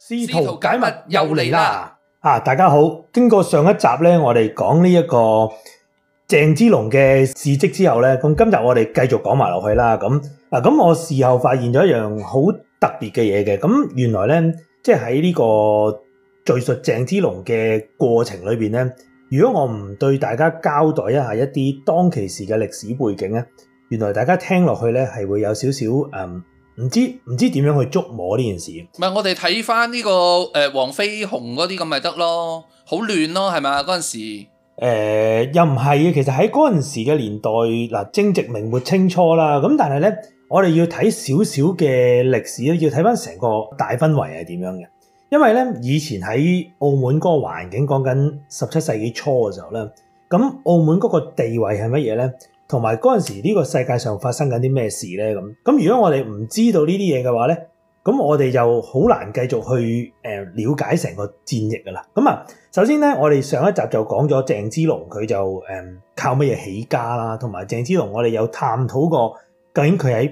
試圖解密又嚟啦！啊，大家好，經過上一集咧，我哋講呢一個鄭芝龍嘅事跡之後咧，咁今日我哋繼續講埋落去啦。咁咁我事後發現咗一樣好特別嘅嘢嘅，咁原來咧，即係喺呢個敘述鄭,鄭芝龍嘅過程裡邊咧，如果我唔對大家交代一下一啲當其時嘅歷史背景咧，原來大家聽落去咧係會有少少誒。呃唔知唔知點樣去捉摸呢件事？唔係我哋睇翻呢個誒黃飛鴻嗰啲咁咪得咯，好亂咯，係咪？嗰陣、那個、時誒、呃、又唔係嘅，其實喺嗰陣時嘅年代嗱，正值明末清初啦。咁但係咧，我哋要睇少少嘅歷史，要睇翻成個大氛圍係點樣嘅。因為咧，以前喺澳門嗰個環境，講緊十七世紀初嘅時候咧，咁澳門嗰個地位係乜嘢咧？同埋嗰陣時，呢個世界上發生緊啲咩事咧？咁咁，如果我哋唔知道呢啲嘢嘅話咧，咁我哋就好難繼續去誒了解成個戰役噶啦。咁啊，首先咧，我哋上一集就講咗鄭之龍，佢就誒靠乜嘢起家啦，同埋鄭之龍，我哋有探討過究竟佢喺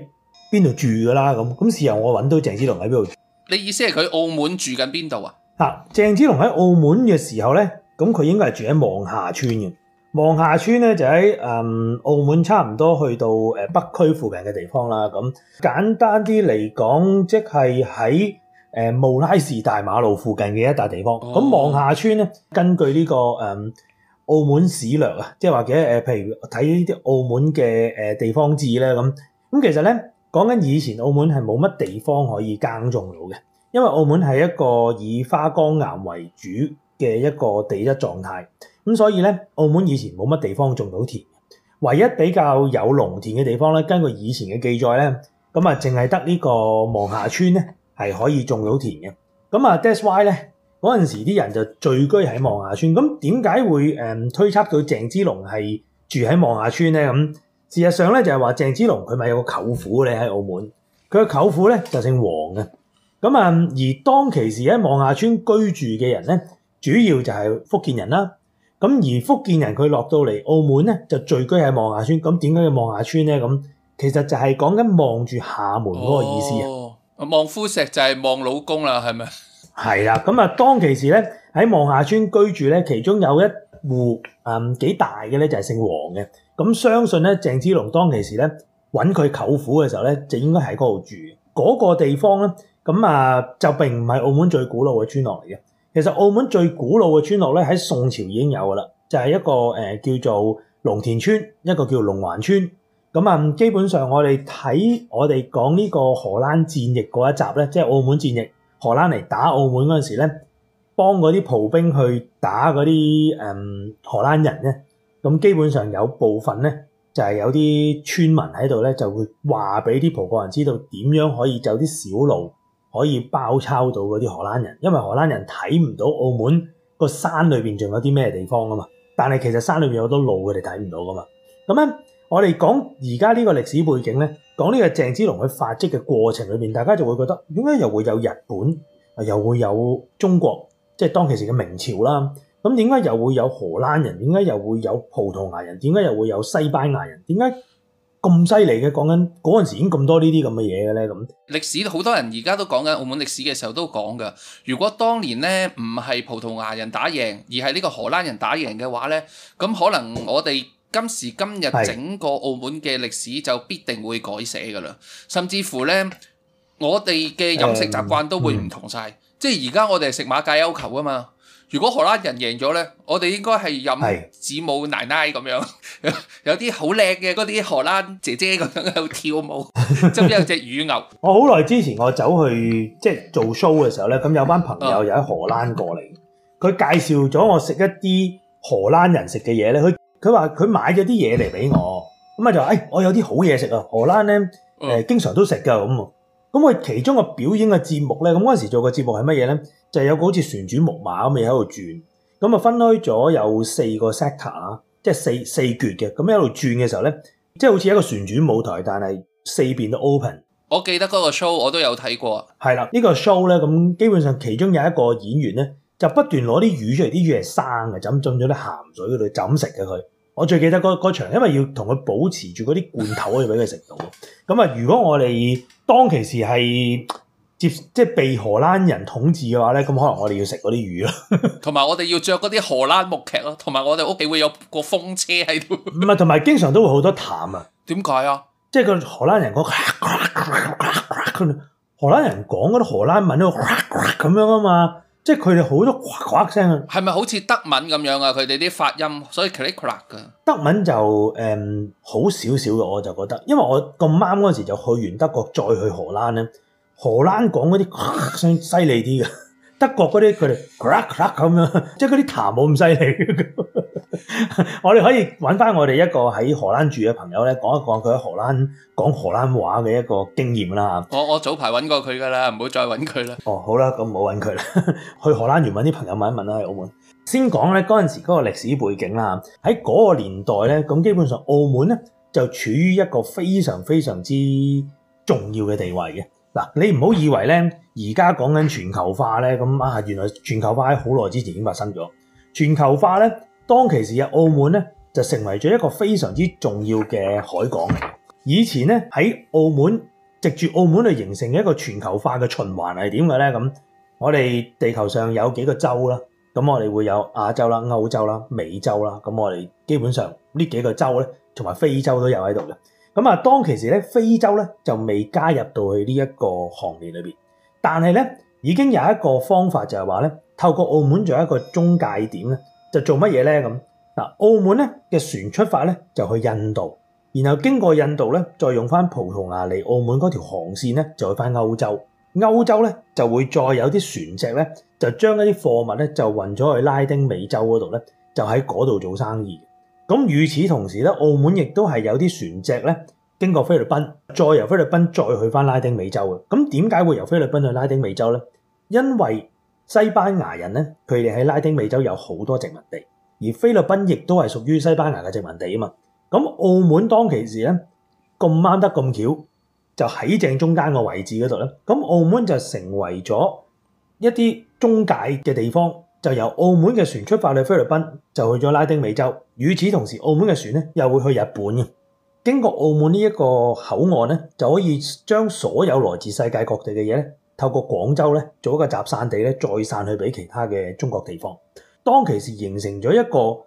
邊度住噶啦。咁咁，事後我揾到鄭之龍喺邊度住？你意思係佢澳門住緊邊度啊？啊，鄭之龍喺澳門嘅時候咧，咁佢應該係住喺望廈村嘅。望下村咧就喺誒、嗯、澳門差唔多去到北區附近嘅地方啦。咁簡單啲嚟講，即係喺誒慕拉士大馬路附近嘅一笪地方。咁、哦、望下村咧，根據呢、這個誒、嗯、澳門史略啊，即係或者譬如睇啲澳門嘅地方志咧咁。咁其實咧講緊以前澳門係冇乜地方可以耕種到嘅，因為澳門係一個以花崗岩為主嘅一個地質狀態。咁所以咧，澳門以前冇乜地方種到田，唯一比較有農田嘅地方咧，根據以前嘅記載咧，咁啊，淨係得呢個望下村咧係可以種到田嘅。咁啊，that's why 咧嗰陣時啲人就聚居喺望下村。咁點解會誒推測到鄭之龍係住喺望下村咧？咁事實上咧就係話鄭芝龍佢咪有個舅父咧喺澳門，佢個舅父咧就姓黃嘅。咁啊，而當其時喺望下村居住嘅人咧，主要就係福建人啦。咁而福建人佢落到嚟澳門咧，就聚居喺望廈村。咁點解叫望廈村咧？咁其實就係講緊望住廈門嗰、哦那個意思啊。望夫石就係望老公啦，係咪？係啦。咁啊，當其時咧喺望廈村居住咧，其中有一戶嗯幾大嘅咧就係姓黃嘅。咁相信咧，鄭芝龍當其時咧揾佢舅父嘅時候咧，就應該喺嗰度住。嗰、那個地方咧，咁啊就並唔係澳門最古老嘅村落嚟嘅。其實澳門最古老嘅村落咧，喺宋朝已經有㗎啦，就係一個誒叫做龍田村，一個叫龍環村。咁啊，基本上我哋睇我哋講呢個荷蘭戰役嗰一集咧，即係澳門戰役，荷蘭嚟打澳門嗰陣時咧，幫嗰啲葡兵去打嗰啲誒荷蘭人咧。咁基本上有部分咧，就係有啲村民喺度咧，就會話俾啲葡國人知道點樣可以走啲小路。可以包抄到嗰啲荷蘭人，因為荷蘭人睇唔到澳門個山裏邊仲有啲咩地方啊嘛。但係其實山裏邊有好多路，佢哋睇唔到噶嘛。咁咧，我哋講而家呢個歷史背景咧，講呢個鄭芝龍去發跡嘅過程裏邊，大家就會覺得點解又會有日本啊，又會有中國，即係當其時嘅明朝啦。咁點解又會有荷蘭人？點解又會有葡萄牙人？點解又會有西班牙人？點解？咁犀利嘅，講緊嗰陣時已經咁多呢啲咁嘅嘢嘅咧？咁歷史好多人而家都講緊澳門歷史嘅時候都講噶如果當年咧唔係葡萄牙人打贏，而係呢個荷蘭人打贏嘅話咧，咁可能我哋今時今日整個澳門嘅歷史就必定會改寫噶啦，甚至乎咧我哋嘅飲食習慣都會唔同晒，嗯。即係而家我哋食馬介休球噶嘛。如果荷蘭人贏咗咧，我哋應該係飲子母奶奶咁樣， 有啲好靚嘅嗰啲荷蘭姐姐咁樣喺度跳舞，即 係有隻乳牛。我好耐之前我走去即係做 show 嘅時候咧，咁有班朋友又喺荷蘭過嚟，佢、oh. 介紹咗我食一啲荷蘭人食嘅嘢咧。佢佢話佢買咗啲嘢嚟俾我，咁啊就話誒、哎，我有啲好嘢食啊，荷蘭咧、呃、經常都食㗎。咁咁佢其中個表演嘅節目咧，咁嗰陣時做嘅節目係乜嘢咧？就係、有個好似旋轉木馬咁，咪喺度轉，咁啊分開咗有四個 sector，即、啊、係四四橛嘅，咁喺度轉嘅時候咧，即係好似一個旋轉舞台，但係四邊都 open。我記得嗰個 show 我都有睇過。係啦，呢個 show 咧，咁基本上其中有一個演員咧，就不斷攞啲魚出嚟，啲魚係生嘅，就浸咗啲鹹水嗰度，浸食嘅佢。我最記得嗰場，因為要同佢保持住嗰啲罐頭可以俾佢食到。咁啊，如果我哋當其時係。接即係被荷蘭人統治嘅話咧，咁可能我哋要食嗰啲魚咯，同埋我哋要着嗰啲荷蘭木屐咯，同埋我哋屋企會有個風車喺度。唔係，同埋經常都會好多痰啊？點解啊？即係個荷蘭人講荷蘭人講嗰啲荷蘭文都咁樣啊嘛，即係佢哋好多呱呱聲啊。係咪好似德文咁樣啊？佢哋啲發音所以 click crack 噶。德文就誒、嗯、好少少嘅，我就覺得，因為我咁啱嗰陣時就去完德國再去荷蘭咧。荷蘭講嗰啲，犀犀利啲㗎。德國嗰啲佢哋，咁樣，即係嗰啲痰冇咁犀利。 我哋可以搵返我哋一個喺荷蘭住嘅朋友呢，講一講佢喺荷蘭講荷蘭話嘅一個經驗啦。我我早排搵過佢㗎啦，唔好再搵佢啦。哦，好啦，咁唔好揾佢啦，去荷蘭玩揾啲朋友問一問啦。喺澳門先講呢，嗰陣時嗰個歷史背景啦，喺嗰個年代呢，咁基本上澳門呢，就處於一個非常非常之重要嘅地位。你唔好以為呢，而家講緊全球化呢。咁原來全球化喺好耐之前已經發生咗。全球化呢，當其時啊，澳門呢，就成為咗一個非常之重要嘅海港。以前呢，喺澳門，藉住澳門嚟形成一個全球化嘅循環係點嘅呢？咁我哋地球上有幾個洲啦，咁我哋會有亞洲啦、歐洲啦、美洲啦，咁我哋基本上呢幾個洲呢，同埋非洲都有喺度。咁啊，當其時咧，非洲咧就未加入到去呢一個行列裏面。但係咧已經有一個方法就係話咧，透過澳門做一個中介點咧，就做乜嘢咧咁嗱？澳門咧嘅船出發咧就去印度，然後經過印度咧再用翻葡萄牙嚟澳門嗰條航線咧就去翻歐洲，歐洲咧就會再有啲船隻咧就將一啲貨物咧就運咗去拉丁美洲嗰度咧，就喺嗰度做生意。咁，與此同時咧，澳門亦都係有啲船隻咧經過菲律賓，再由菲律賓再去返拉丁美洲嘅。咁點解會由菲律賓去拉丁美洲咧？因為西班牙人咧，佢哋喺拉丁美洲有好多殖民地，而菲律賓亦都係屬於西班牙嘅殖民地啊嘛。咁澳門當其時咧，咁啱得咁巧，就喺正中間個位置嗰度咧。咁澳門就成為咗一啲中介嘅地方。就由澳門嘅船出發去菲律賓，就去咗拉丁美洲。與此同時，澳門嘅船咧又會去日本嘅，經過澳門呢一個口岸咧，就可以將所有來自世界各地嘅嘢咧，透過廣州咧做一個集散地咧，再散去俾其他嘅中國地方。當其時形成咗一個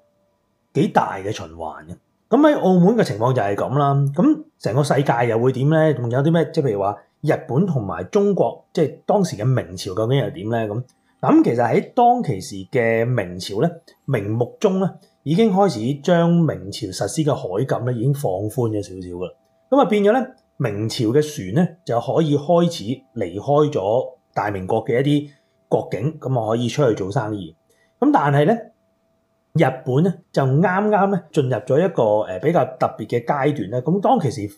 幾大嘅循環嘅。咁喺澳門嘅情況就係咁啦。咁成個世界又會點咧？仲有啲咩？即係譬如話日本同埋中國，即係當時嘅明朝，究竟又點咧？咁。咁其實喺當其時嘅明朝咧，明穆宗咧已經開始將明朝實施嘅海禁咧已經放寬咗少少噶，咁啊變咗咧明朝嘅船咧就可以開始離開咗大明國嘅一啲國境，咁啊可以出去做生意。咁但係咧日本咧就啱啱咧進入咗一個誒比較特別嘅階段咧，咁當其時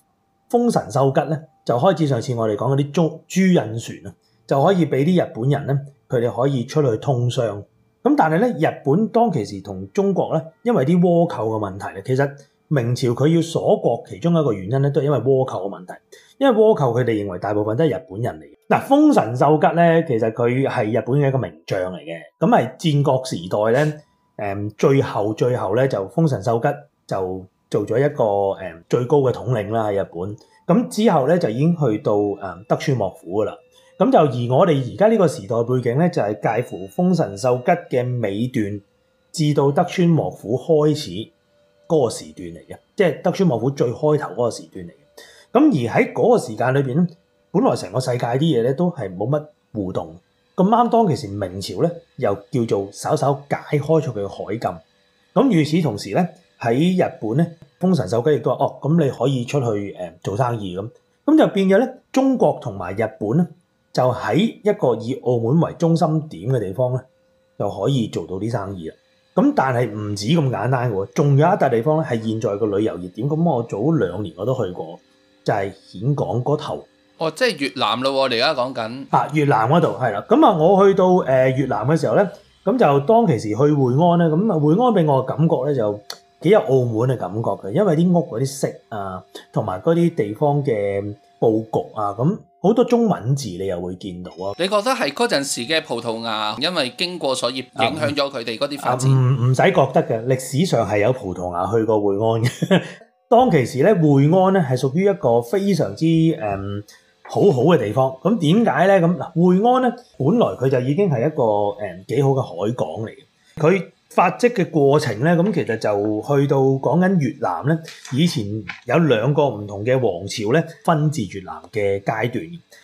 豐臣秀吉咧就開始上次我哋講嗰啲朱朱印船啊。就可以俾啲日本人咧，佢哋可以出去通商。咁但係咧，日本當其時同中國咧，因為啲倭寇嘅問題咧，其實明朝佢要鎖國，其中一個原因咧都係因為倭寇嘅問題。因為倭寇佢哋認為大部分都係日本人嚟。嗱，豐臣秀吉咧，其實佢係日本嘅一個名將嚟嘅。咁係戰國時代咧，誒最後最後咧就豐臣秀吉就做咗一個誒最高嘅統領啦喺日本。咁之後咧就已經去到誒德川幕府噶啦。咁就而我哋而家呢個時代背景咧，就係介乎豐臣秀吉嘅尾段至到德川幕府開始嗰個時段嚟嘅，即係德川幕府最開頭嗰個時段嚟嘅。咁而喺嗰個時間裏面咧，本來成個世界啲嘢咧都係冇乜互動。咁啱當其時明朝咧又叫做稍稍解開咗佢嘅海禁。咁與此同時咧喺日本咧，豐臣秀吉亦都話：哦，咁你可以出去誒做生意咁。咁就變咗咧，中國同埋日本咧。就喺一個以澳門為中心點嘅地方咧，就可以做到啲生意啦。咁但係唔止咁簡單嘅喎，仲有一笪地方咧，係現在個旅遊熱點。咁我早兩年我都去過，就係、是、峴港嗰頭。哦，即係越南咯，我哋而家講緊啊？越南嗰度係啦。咁啊，我去到越南嘅時候咧，咁就當其時去會安咧，咁啊會安俾我嘅感覺咧就幾有澳門嘅感覺嘅，因為啲屋嗰啲色啊，同埋嗰啲地方嘅。佈局啊，咁好多中文字你又會見到啊！你覺得係嗰陣時嘅葡萄牙，因為經過所以影響咗佢哋嗰啲發展？唔唔使覺得嘅，歷史上係有葡萄牙去過會安嘅。當其時咧，會安咧係屬於一個非常之誒好好嘅地方。咁點解咧？咁嗱，會安咧本來佢就已經係一個誒幾好嘅海港嚟，佢。發跡嘅過程咧，咁其實就去到講緊越南咧，以前有兩個唔同嘅王朝咧，分治越南嘅階段。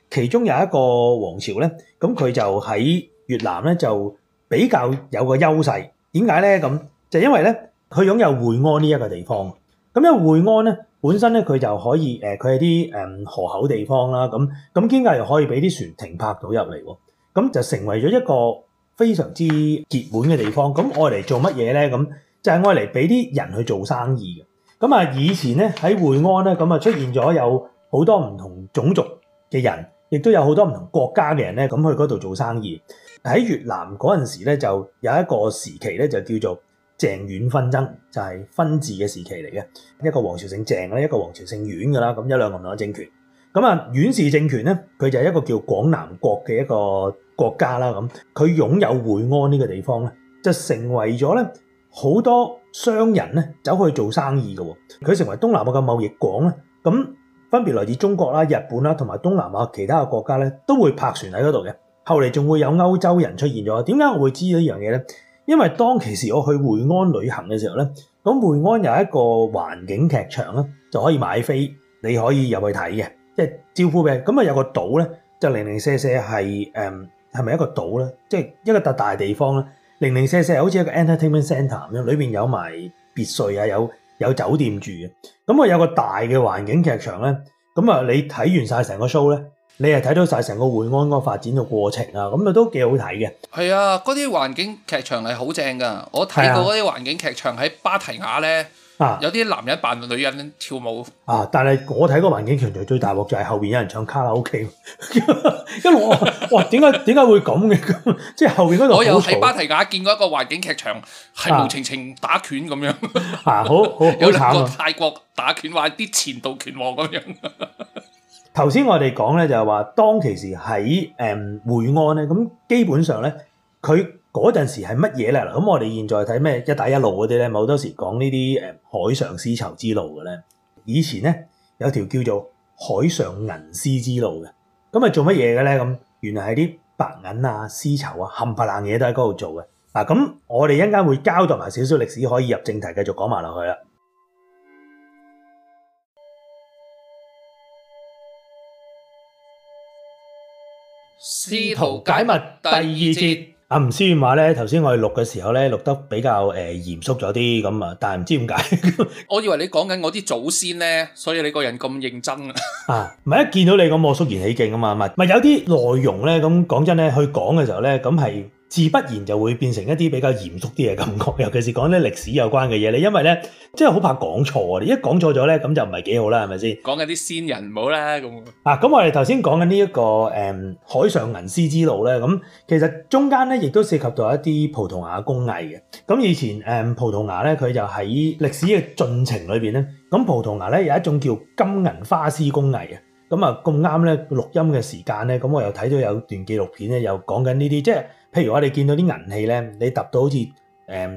其中有一個王朝咧，咁佢就喺越南咧就比較有個優勢。點解咧？咁就因為咧，佢擁有會安呢一個地方。咁因為會安咧，本身咧佢就可以誒，佢係啲誒河口地方啦。咁咁兼且又可以俾啲船停泊到入嚟，咁就成為咗一個。非常之結滿嘅地方，咁愛嚟做乜嘢咧？咁就係愛嚟俾啲人去做生意嘅。咁啊，以前咧喺會安咧，咁啊出現咗有好多唔同種族嘅人，亦都有好多唔同國家嘅人咧，咁去嗰度做生意。喺越南嗰陣時咧，就有一個時期咧，就叫做鄭阮紛爭，就係、是、分治嘅時期嚟嘅。一個王朝姓鄭啦，一個王朝姓阮㗎啦。咁一兩咁兩,兩個政權，咁啊阮氏政權咧，佢就係一個叫廣南國嘅一個。國家啦咁，佢擁有會安呢個地方咧，就成為咗咧好多商人咧走去做生意嘅。佢成為東南亞嘅貿易港咧，咁分別來自中國啦、日本啦同埋東南亞其他嘅國家咧，都會泊船喺嗰度嘅。後嚟仲會有歐洲人出現咗。點解我會知道呢樣嘢咧？因為當其時我去會安旅行嘅時候咧，咁會安有一個環境劇場咧，就可以買飛，你可以入去睇嘅，即招呼俾。咁啊有個島咧，就零零舍舍係係咪一個島呢？即係一個特大地方呢？零零四四好似一個 entertainment center 咁，裏面有埋別墅啊，有有酒店住嘅。咁啊，有個大嘅環境劇場呢？你睇完晒成個 show 呢，你係睇到晒成個會安個發展嘅過程啊，咁啊都幾好睇嘅。係啊，嗰啲環境劇場係好正㗎。我睇到嗰啲環境劇場喺芭堤雅呢。啊！有啲男人扮女人跳舞啊！但係我睇嗰個環境，強場最大鑊就係後邊有人唱卡拉 OK。 因為我 哇，點解點解會咁嘅？即 係後邊嗰度我又喺芭提雅見過一個環境劇場，係無情情打拳咁樣。啊！ 啊好好 有兩個泰國打拳，話啲前度拳王咁樣。頭 先我哋講咧就係話，當其時喺誒會安咧，咁基本上咧佢。嗰陣時係乜嘢咧？咁我哋現在睇咩“一帶一路呢”嗰啲咧，好多時講呢啲誒海上絲綢之路嘅咧。以前咧有條叫做海上銀絲之路嘅，咁係做乜嘢嘅咧？咁原來係啲白銀啊、絲綢啊、冚白冷嘢都喺嗰度做嘅。嗱，咁我哋一陣間會交代埋少少歷史，可以入正題繼續講埋落去啦。試圖解密第二節。阿、啊、吳思遠話呢，頭先我哋錄嘅時候呢，錄得比較誒嚴肅咗啲咁啊，但唔知點解。呵呵我以為你講緊我啲祖先呢，所以你個人咁認真呵呵啊。啊，唔係一見到你咁我肅然起敬啊嘛，咪咪有啲內容呢，咁講真呢，去講嘅時候呢，咁係。自不然就會變成一啲比較嚴肅啲嘅感覺，尤其是講啲歷史有關嘅嘢咧，因為咧即係好怕講錯啊，你一講錯咗咧咁就唔係幾好啦，係咪先？講緊啲先人唔好啦，咁啊咁我哋頭先講緊呢一個、嗯、海上銀絲之路咧，咁、嗯、其實中間咧亦都涉及到一啲葡萄牙工藝嘅。咁、嗯、以前、嗯、葡萄牙咧，佢就喺歷史嘅進程裏面咧，咁、嗯、葡萄牙咧有一種叫金銀花絲工藝嘅。咁啊咁啱咧錄音嘅時間咧，咁我又睇到有段紀錄片咧，又講緊呢啲，即係譬如話你見到啲銀器咧，你揼到好似誒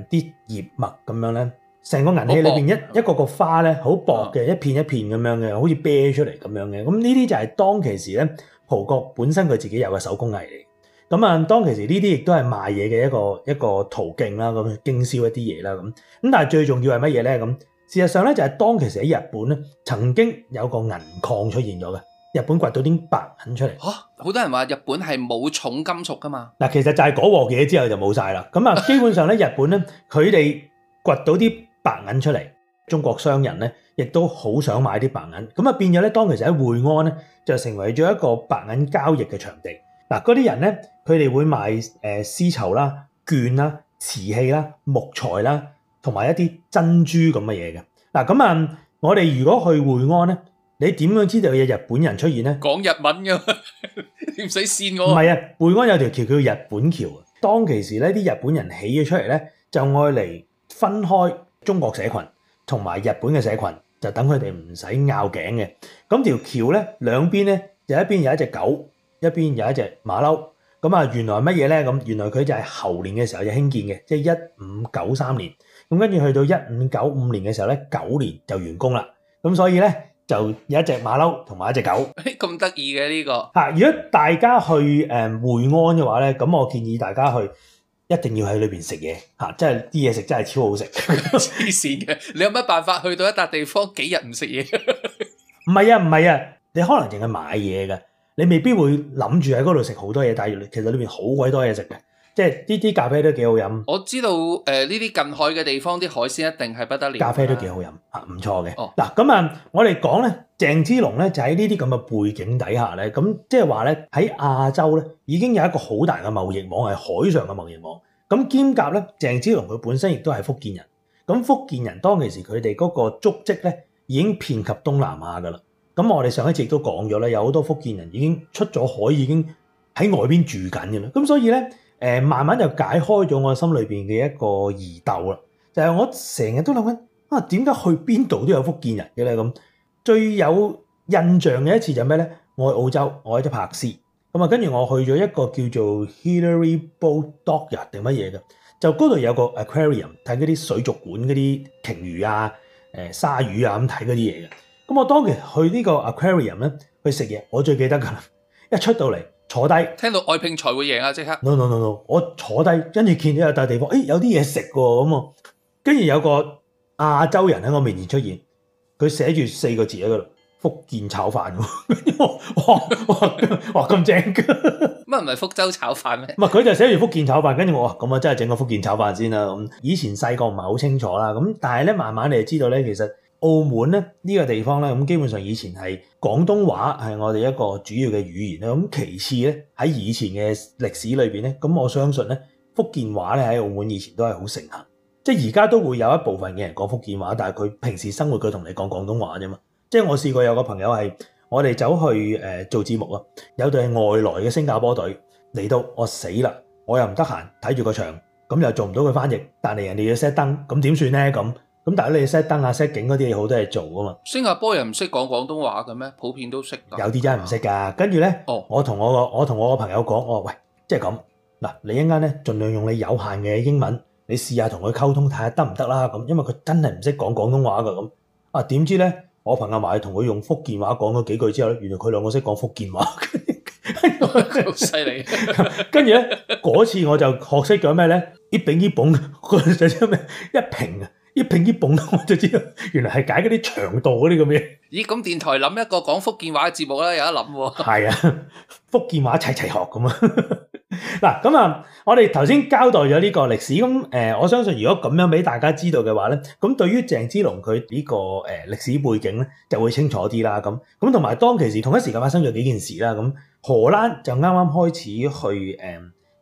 啲葉脈咁樣咧，成個銀器裏邊一一個個花咧，好薄嘅，一片一片咁樣嘅，好似啤出嚟咁樣嘅，咁呢啲就係當其時咧葡國本身佢自己有嘅手工藝嚟。咁啊，當其時呢啲亦都係賣嘢嘅一個一個途徑啦，咁去經銷一啲嘢啦，咁咁但係最重要係乜嘢咧？咁事實上呢，就係當其實喺日本咧，曾經有個銀礦出現咗嘅，日本掘到啲白銀出嚟。好多人話日本係冇重金屬㗎嘛？其實就係嗰鑊嘢之後就冇晒啦。咁基本上呢，日本呢，佢哋掘到啲白銀出嚟， 中國商人呢亦都好想買啲白銀。咁啊，變咗呢，當其實喺會安呢，就成為咗一個白銀交易嘅場地。嗱，嗰啲人呢，佢哋會賣誒絲綢啦、絹啦、瓷器啦、木材啦。同埋一啲珍珠咁嘅嘢嘅嗱咁啊！我哋如果去會安咧，你點樣知道有日本人出現咧？講日文㗎，你唔使線我。唔係啊，會安有條橋叫日本橋。當其時咧，啲日本人起咗出嚟咧，就愛嚟分開中國社群同埋日本嘅社群，就等佢哋唔使拗頸嘅。咁條橋咧兩邊咧，就一邊有一隻狗，一邊有一隻馬騮。咁啊，原來乜嘢咧？咁原來佢就係猴年嘅時候就興建嘅，即係一五九三年。咁跟住去到一五九五年嘅時候咧，九年就完工啦。咁所以呢，就有一隻馬騮同埋一隻狗，咁得意嘅呢個。如果大家去誒會安嘅話呢，咁我建議大家去，一定要喺裏面食嘢、啊、即係啲嘢食真係超好食。黐線嘅，你有乜辦法去到一笪地方幾日唔食嘢？唔 係啊，唔係啊，你可能淨係買嘢㗎。你未必會諗住喺嗰度食好多嘢，但係其實裏面好鬼多嘢食。即係呢啲咖啡都幾好飲。我知道呢啲、呃、近海嘅地方啲海鮮一定係不得了。啊、咖啡都幾好飲唔錯嘅。嗱咁啊，我哋講咧，鄭芝龍咧就喺呢啲咁嘅背景底下咧，咁即係話咧喺亞洲咧已經有一個好大嘅貿易網係海上嘅貿易網。咁兼夾咧，鄭芝龍佢本身亦都係福建人。咁福建人當其時佢哋嗰個足跡咧已經遍及東南亞㗎啦。咁我哋上一次都講咗啦，有好多福建人已經出咗海，已經喺外邊住緊嘅啦。咁所以咧。誒慢慢就解開咗我心裏面嘅一個疑竇啦，就係我成日都諗緊啊，點解去邊度都有福建人嘅咧咁？最有印象嘅一次就係咩咧？我去澳洲，我喺帕克斯。咁啊跟住我去咗一個叫做 Hillary Boat Dock 定乜嘢㗎？就嗰度有個 aquarium，睇嗰啲水族館嗰啲鯨魚啊、誒鯊魚啊咁睇嗰啲嘢嘅。咁我當其時去呢個 aquarium 咧去食嘢，我最記得㗎啦，一出到嚟。坐低，聽到愛拼才會贏啊！即刻，no no no no，我坐低，跟住見到有笪地方，誒、哎、有啲嘢食喎咁啊，跟住有個亞洲人喺我面前出現，佢寫住四個字喺嗰度，福建炒飯喎，哇哇 哇咁正㗎，乜唔係福州炒飯咩？唔係佢就寫住福建炒飯，跟住我哇，咁啊真係整個福建炒飯先啦咁。以前細個唔係好清楚啦，咁但係咧慢慢你就知道咧，其實。澳門呢，呢個地方呢，咁基本上以前係廣東話係我哋一個主要嘅語言，咁其次呢，喺以前嘅歷史裏面呢，咁我相信呢，福建話呢，喺澳門以前都係好盛行，即係而家都會有一部分嘅人講福建話，但係佢平時生活佢同你講廣東話咋嘛。即係我試過有個朋友係我哋走去做節目啊，有隊係外來嘅新加坡隊嚟到，我死啦！我又唔得閒睇住個場，咁又做唔到佢翻譯，但係人哋要 set 燈，咁點算呢？咁但係你 set 燈啊 s 嗰啲好多是做的嘛。新加坡人唔識講廣東話嘅咩？普遍都識。有啲真係唔識噶。跟住呢，哦、我同我個朋友講，我話喂，即係咁嗱，你一間咧，盡量用你有限嘅英文，你試下同佢溝通睇下得唔得啦。因為佢真係唔識講廣東話的啊，點知呢？我朋友埋同佢用福建話講咗幾句之後原來佢兩個識講福建話的，好犀利。跟住呢，嗰 次我就學識什咩呢？「一餅一捧咩？一平。一拼一蹦，我就知道，原來係解嗰啲長度嗰啲咁嘅。咦？咁電台諗一個講福建話嘅節目啦，有得諗喎。係啊，啊、福建話齊齊學咁啊。嗱，啊，我哋頭先交代咗呢個歷史，咁我相信如果咁樣俾大家知道嘅話呢，咁對於鄭芝龍佢呢個歷史背景就會清楚啲啦。咁同埋當其時同一時間發生咗幾件事啦。咁荷蘭就啱啱開始去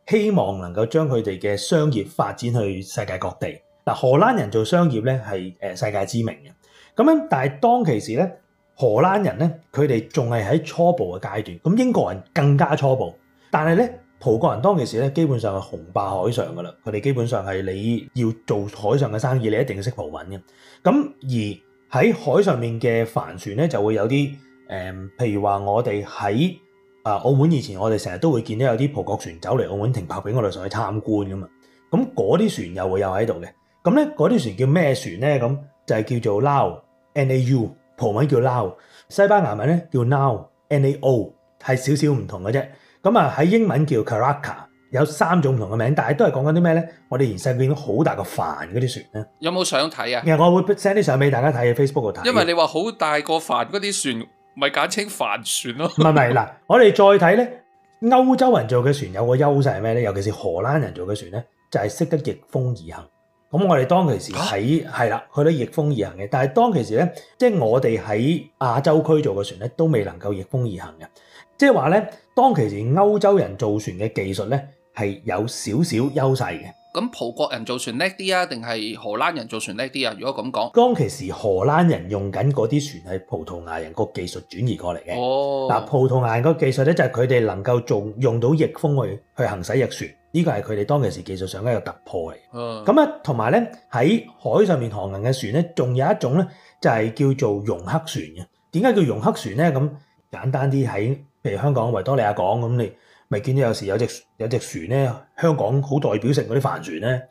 希望能夠將佢哋嘅商業發展去世界各地。荷蘭人做商業咧係誒世界知名嘅，咁樣，但係當其時咧，荷蘭人咧佢哋仲係喺初步嘅階段，咁英國人更加初步，但係咧葡國人當其時咧基本上係雄霸海上噶啦，佢哋基本上係你要做海上嘅生意，你一定識葡文嘅。咁而喺海上面嘅帆船咧就會有啲誒，譬如話我哋喺啊澳門以前，我哋成日都會見到有啲葡國船走嚟澳門停泊俾我哋上去參觀噶嘛，咁嗰啲船又會有喺度嘅。咁咧，嗰啲船叫咩船呢？咁就係叫做 Nau，N A U，葡文叫 Nau，西班牙文叫 Nao，N A O，係少少唔同嘅啫。啊喺英文叫 Caraca，有三種唔同嘅名字，但係都係講緊啲咩呢？我哋沿世見好大個帆嗰啲船呢？有冇想睇啊？其實我會 send 啲相俾大家睇，喺 Facebook 度睇。因為你話好大個帆嗰啲船，咪簡稱帆船咯。唔係唔係，嗱，我哋再睇呢，歐洲人做嘅船有個優勢係咩呢？尤其是荷蘭人做嘅船呢就係識得逆風而行。咁我哋當其時喺係啦，去到逆風而行嘅。但係當其時呢，即係我哋喺亞洲區做嘅船呢，都未能夠逆風而行嘅。即係話呢，當其時歐洲人造船嘅技術呢，係有少少優勢嘅。咁葡國人造船叻啲啊，定係荷蘭人造船叻啲呀？如果咁講，當其時荷蘭人用緊嗰啲船係葡萄牙人個技術轉移過嚟嘅。嗱、哦啊，葡萄牙人個技術呢，就係佢哋能夠做用到逆風去，去行駛逆船。呢個係佢哋當其時技術上嘅一個突破嚟，咁啊，同埋咧喺海上面航行嘅船咧，仲有一種咧就係叫做戎克船嘅。點解叫戎克船咧？咁簡單啲喺，譬如香港維多利亞港咁，你咪見到有時有隻有隻船咧，香港好代表性嗰啲帆船咧，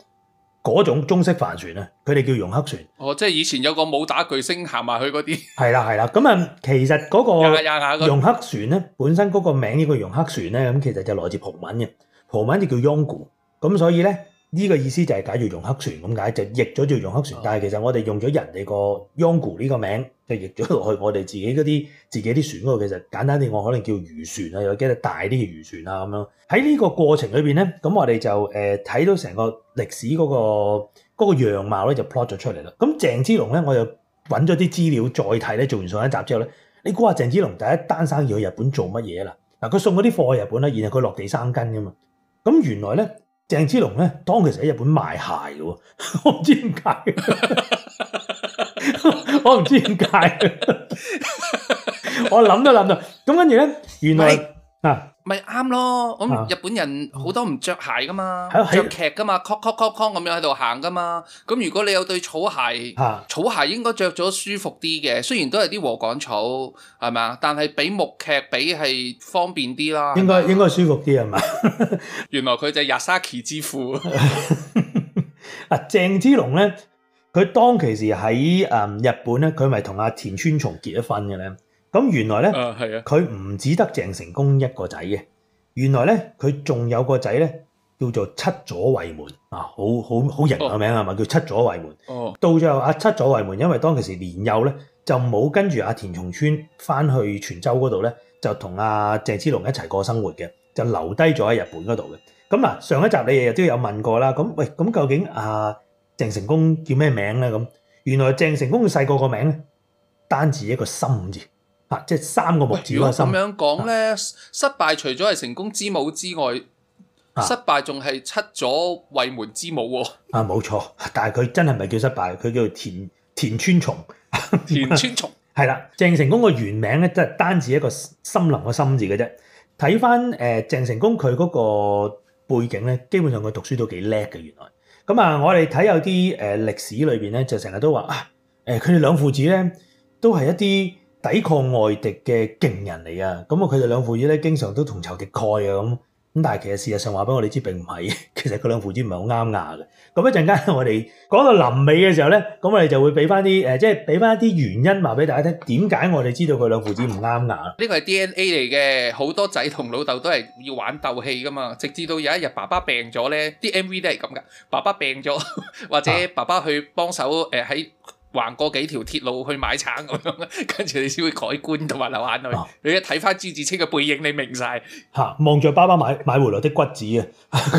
嗰種中式帆船咧，佢哋叫戎克船。哦，即係以前有個武打巨星行埋去嗰啲。係啦係啦，咁啊，其實嗰個戎克船咧，本身嗰個名呢個戎克船咧，咁其實就來自葡文嘅。葡文好似叫 y o n g g u 咁，所以咧，呢個意思就係解做戎克船咁解，就譯咗做戎克船。但係其實我哋用咗人哋個 y o n g g u 呢個名，就譯咗落去我哋自己嗰啲自己啲船嗰度。其實簡單啲，我可能叫漁船啊，有啲大啲嘅漁船啊咁樣。喺呢個過程裏邊咧，咁我哋就誒睇到成個歷史嗰個嗰個樣貌咧，就 plot 咗出嚟啦。咁鄭芝龍咧，我又揾咗啲資料再睇咧，做完上一集之後咧，你估下鄭芝龍第一單生意去日本做乜嘢啦？嗱，佢送嗰啲貨去日本咧，然後佢落地生根噶嘛。咁原來咧，鄭芝龍咧，當其時喺日本賣鞋嘅喎，我唔知點解， 我唔知點解，我諗都諗到，咁跟住咧，原來咪啱咯，咁日本人好多唔着鞋噶嘛，着屐噶嘛，con con con con 咁樣喺度行噶嘛，咁如果你有對草鞋，草鞋應該着咗舒服啲嘅，雖然都係啲禾稈草，係咪啊？但係比木屐比係方便啲啦。應該應該舒服啲啊嘛， 原來佢就係 Yasaki 之父 。啊，鄭芝龍咧，佢當其時喺誒、嗯、日本咧，佢咪同阿田川松結咗婚嘅咧。咁原來呢，佢唔止得鄭成功一個仔嘅。原來呢，佢仲有個仔呢，叫做七左衛門，好好好型個名係嘛？叫七左衛門。哦、到最後，阿七左衛門因為當其時年幼呢，就冇跟住阿田松村返去泉州嗰度呢，就同阿鄭芝龍一齊過生活嘅，就留低咗喺日本嗰度嘅。咁嗱，上一集你亦亦都有問過啦。咁喂，咁究竟阿鄭成功叫咩名呢？咁原來鄭成功嘅細個個名字單字一個心字。啊！即係三個木字咁樣講咧、啊，失敗除咗係成功之母之外，啊、失敗仲係出咗衛門之母喎、啊。啊，冇、啊、錯，但係佢真係唔係叫失敗，佢叫田田川松。田川松係啦， 鄭成功個原名咧，真係單字一個森林個森字嘅啫。睇翻誒鄭成功佢嗰個背景咧，基本上佢讀書都幾叻嘅。原來咁啊，我哋睇有啲誒歷史裏邊咧，就成日都話啊，誒佢哋兩父子咧都係一啲抵抗外敵嘅勁人嚟啊！咁啊，佢哋兩父子咧，經常都同仇敵愾啊！咁咁，但係其實事實上話俾我哋知，並唔係，其實佢兩父子唔係好啱牙嘅。咁一陣間我哋講到臨尾嘅時候咧，咁我哋就會俾翻啲誒，即係俾翻一啲原因話俾大家聽，點解我哋知道佢兩父子唔啱牙？呢個係 DNA 嚟嘅，好多仔同老豆都係要玩鬥氣噶嘛。直至到有一日爸爸病咗咧，啲 MV 都係咁噶。爸爸病咗，或者爸爸去幫手誒喺。橫過幾條鐵路去買橙咁樣，跟住你先會改觀同埋流眼淚。啊、你一睇翻朱自清嘅背影，你明晒吓，望、啊、住爸爸買買回來的骨子啊！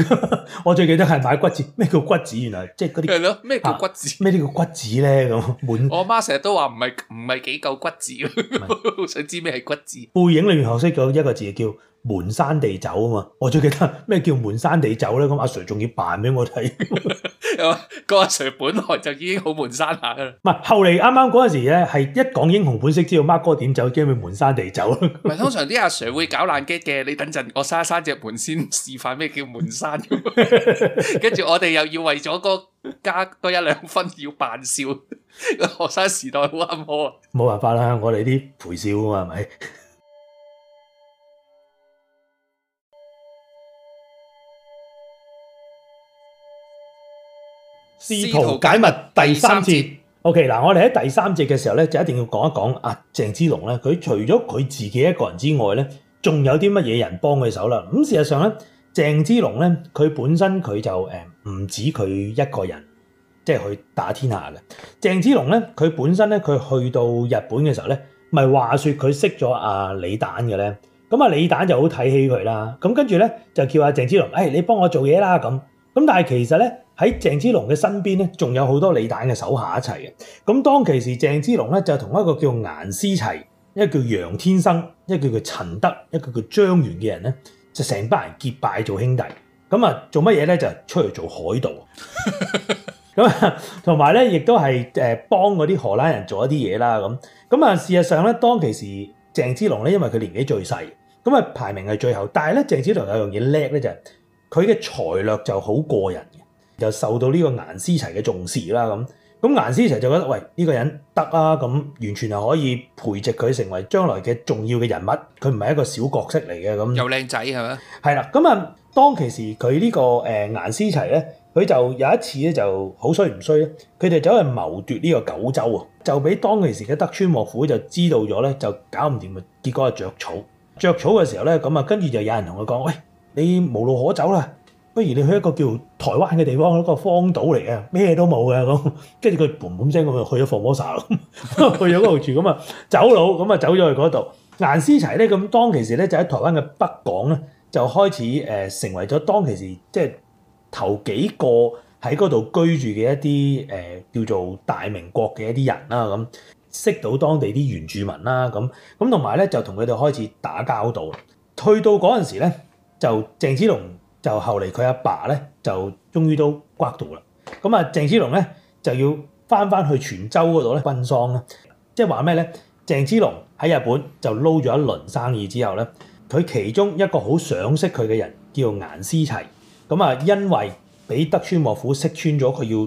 我最記得係買骨子，咩叫骨子？原來即係嗰啲咩叫骨子？咩、啊、叫骨子咧？咁滿我阿媽成日都話唔係唔係幾夠骨子，是想知咩係骨子？背影裏面學識咗一個字叫。門山地走啊嘛，我最記得咩叫門山地走咧？咁阿 Sir 仲要扮俾我睇 個阿 Sir 本來就已經好門山下噶啦。唔係後嚟啱啱嗰陣時咧，係一講英雄本色知道 Mark 哥點走，驚佢門山地走。唔係通常啲阿 Sir 會搞爛 gag 嘅，你等陣我閂閂隻門先示範咩叫門山，跟住我哋又要為咗、嗰個加多一兩分要扮笑，學生時代好阿摩啊，冇辦法啦，我哋啲陪笑啊嘛，係咪？試圖解密第三節。OK，嗱，我哋喺第三節嘅、okay，時候咧，就一定要講一講阿、啊、鄭芝龍咧。佢除咗佢自己一個人之外咧，仲有啲乜嘢人幫佢手啦？咁、嗯、事實上咧，鄭芝龍咧，佢本身佢就誒唔止佢一個人，即係佢打天下嘅。鄭芝龍咧，佢本身咧，佢去到日本嘅時候咧，咪話說佢識咗阿、啊、李旦嘅咧。咁、啊、阿李旦就好睇起佢啦。咁、啊、跟住咧就叫阿鄭芝龍，誒、哎、你幫我做嘢啦咁。啊咁但係其實呢，喺鄭芝龍嘅身邊呢，仲有好多李旦嘅手下一齊嘅。咁當其時鄭芝龍呢就同一個叫顏思齊，一個叫楊天生，一個叫做陳德，一個叫張元嘅人呢，就成班人結拜做兄弟。咁啊做乜嘢呢？就出嚟做海盜。咁同埋咧，亦都係誒幫嗰啲荷蘭人做一啲嘢啦。咁啊，事實上呢，當其時鄭芝龍呢，因為佢年紀最細，咁啊排名係最後。但係咧，鄭芝龍有樣嘢叻呢，就係佢嘅才略就好過人嘅，就受到呢個顏思齊嘅重視啦。咁咁顏思齊就覺得喂，呢個人得啊，咁完全係可以培植佢成為將來嘅重要嘅人物。佢唔係一個小角色嚟嘅咁，又靚仔係嘛？係啦。咁啊，當其時佢呢個顏思齊呢，佢就有一次就好衰唔衰咧，佢哋走去謀奪呢個九州，就俾當其時嘅德川幕府就知道咗呢，就搞唔掂啊。結果係着草，着草嘅時候呢，咁啊跟住就有人同佢講喂。你無路可走啦，不如你去一個叫台灣嘅地方，一個荒島嚟嘅，咩都冇嘅咁。跟住佢嘭嘭聲了，佢 去咗放火 r 去咗嗰度住咁啊，走佬咁啊，走咗去嗰度。顏思齊咧，咁當其時咧就喺台灣嘅北港咧，就開始誒成為咗當其時即係、就是、頭幾個喺嗰度居住嘅一啲誒叫做大明國嘅一啲人啦咁，識到當地啲原住民啦咁，咁同埋咧就同佢哋開始打交道。去到嗰陣時咧。就鄭芝龍就後嚟佢阿爸咧就終於都刮到啦，咁啊鄭芝龍咧就要翻翻去泉州嗰度咧奔喪啦，即係話咩咧？鄭芝龍喺日本就撈咗一輪生意之後咧，佢其中一個好賞識佢嘅人叫顏思齊，咁啊因為俾德川幕府識穿咗佢要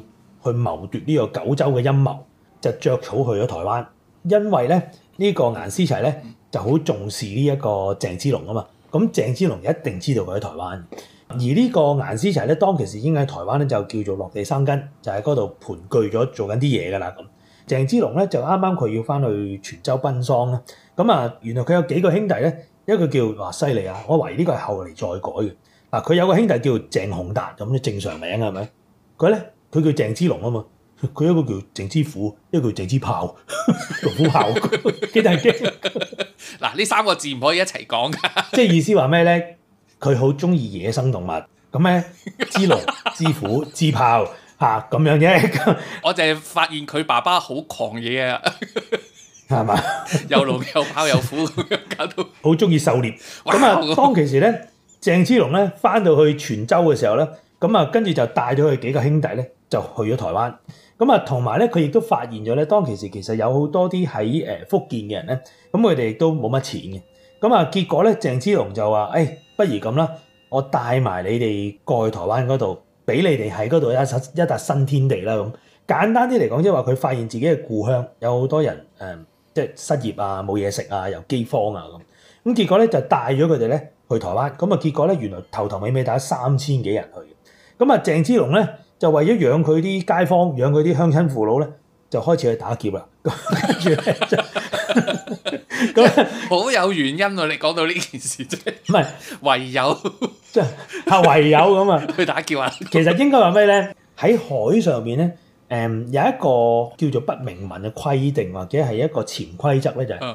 去謀奪呢個九州嘅陰謀，就着草去咗台灣，因為咧呢個顏思齊咧就好重視呢一個鄭芝龍啊嘛。咁鄭芝龍一定知道佢喺台灣，而呢個顏思齊咧，當其時已經喺台灣咧，就叫做落地生根，就喺嗰度盤踞咗做緊啲嘢㗎啦咁。鄭芝龍呢，就啱啱佢要返去泉州奔喪啦。咁啊原來佢有幾個兄弟咧，一個叫哇犀利啊，我懷疑呢個係後嚟再改嘅。佢有個兄弟叫鄭洪達，咁正常名係咪？佢呢，佢叫鄭芝龍啊嘛。佢一個叫鄭芝虎，一個叫鄭芝豹，老虎豹，基大基。嗱，呢三個字唔可以一齊講㗎。即係意思話咩咧？佢好中意野生動物，咁 咧知狼，芝龍、芝虎、芝豹吓，咁、啊、樣嘅。 我就係發現佢爸爸好狂野啊，係 嘛是吧？又龍又豹又虎咁樣搞到。好中意狩獵。咁啊，當其時咧，鄭芝龍咧翻到去泉州嘅時候咧，咁啊，跟住就帶咗佢幾個兄弟咧，就去咗台灣。咁啊，同埋咧，佢亦都發現咗咧，當其時其實有好多啲喺誒福建嘅人咧，咁佢哋都冇乜錢嘅。咁啊，結果咧，鄭芝龍就話，誒、哎，不如咁啦，我帶埋你哋過去台灣嗰度，俾你哋喺嗰度一新一笪新天地啦。咁簡單啲嚟講，因為佢發現自己嘅故鄉有好多人誒，即係失業啊、冇嘢食啊、又饑荒啊咁。咁結果咧就帶咗佢哋咧去台灣。咁啊，結果咧原來頭頭尾尾帶咗三千幾人去。咁啊，鄭芝龍咧。就為咗養佢啲街坊，養佢啲鄉親父老咧，就開始去打劫啦。咁跟住咧，咁好有原因啊！你講到呢件事啫，唔係唯有即係嚇，唯有咁啊 這 去打劫啊！其實應該話咩咧？喺 海上面咧，誒、嗯、有一個叫做不明文嘅規定，或者係一個潛規則咧，就係、是、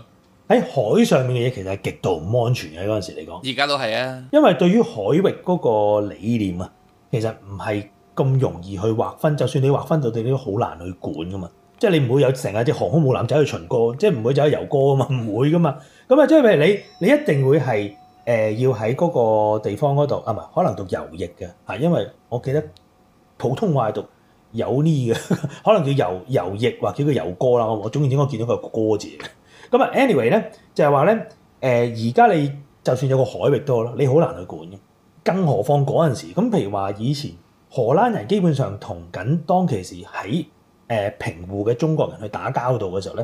喺海上面嘅嘢其實係極度唔安全嘅。嗰陣時嚟講，而家都係啊，因為對於海域嗰個理念啊，其實唔係。咁容易去劃分，就算你劃分到地，你都好難去管噶嘛。即係你唔會有成日啲航空母艦走去巡歌，即係唔會走去遊歌啊嘛，唔會噶嘛。咁啊，即係譬如你，你一定會係、呃、要喺嗰個地方嗰度，啊唔係，可能讀遊弋嘅吓，因為我記得普通話係讀有呢嘅，可能叫遊遊弋或者叫個遊歌啦。我我總然之我見到個歌字嘅。咁啊，anyway 咧，就係話咧，呃、而家你就算有個海域都好啦，你好難去管嘅，更何況嗰陣時咁，譬如話以前。荷蘭人基本上同緊當其時喺誒平湖嘅中國人去打交道嘅時候咧，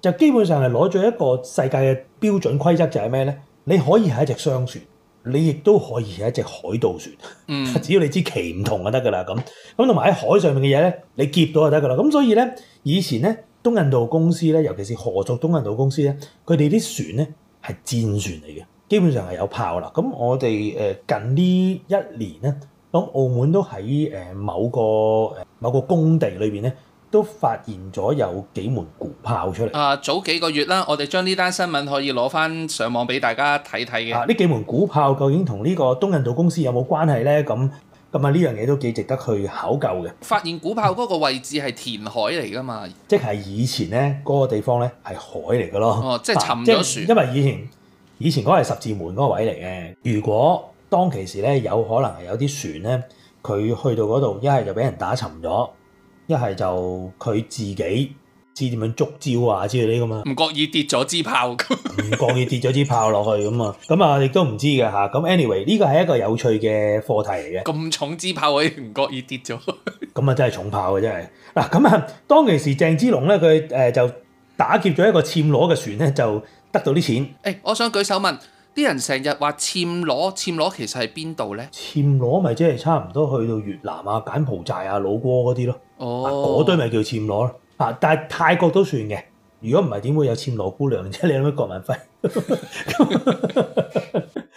就基本上係攞咗一個世界嘅標準規則，就係咩咧？你可以係一隻商船，你亦都可以係一隻海盜船，嗯，只要你知旗唔同就得噶啦。咁咁同埋喺海上面嘅嘢咧，你劫到就得噶啦。咁所以咧，以前咧東印度公司咧，尤其是荷屬東印度公司咧，佢哋啲船咧係戰船嚟嘅，基本上係有炮啦。咁我哋誒近呢一年咧。咁澳門都喺誒某個誒某個工地裏邊咧，都發現咗有幾門古炮出嚟。啊，早幾個月啦，我哋將呢單新聞可以攞翻上網俾大家睇睇嘅。啊，呢幾門古炮究竟同呢個東印度公司有冇關係咧？咁，咁啊呢樣嘢都幾值得去考究嘅。發現古炮嗰個位置係填海嚟噶嘛？即係以前咧，嗰個地方咧係海嚟噶咯。哦，即係沉咗船。因為以前以前嗰係十字門嗰個位嚟嘅。如果當其時咧，有可能係有啲船咧，佢去到嗰度，一係就俾人打沉咗，一係就佢自己知點樣捉招啊之類啲咁啊，唔覺意跌咗支炮，唔覺意跌咗支炮落去咁啊，咁啊亦都唔知嘅吓，咁 anyway 呢個係一個有趣嘅課題嚟嘅。咁重支炮，我亦唔覺意跌咗。咁 啊，真係重炮嘅真係。嗱咁啊，當其時鄭芝龍咧，佢誒就打劫咗一個暹羅嘅船咧，就得到啲錢。誒、欸，我想舉手問。啲人成日話暹羅，暹羅其實係邊度咧？暹羅咪即係差唔多去到越南啊、柬埔寨啊、老撾嗰啲咯，嗰堆咪叫暹羅咯。啊，但係泰國都算嘅。如果唔係點會有暹羅姑娘啫？你諗緊郭民輝，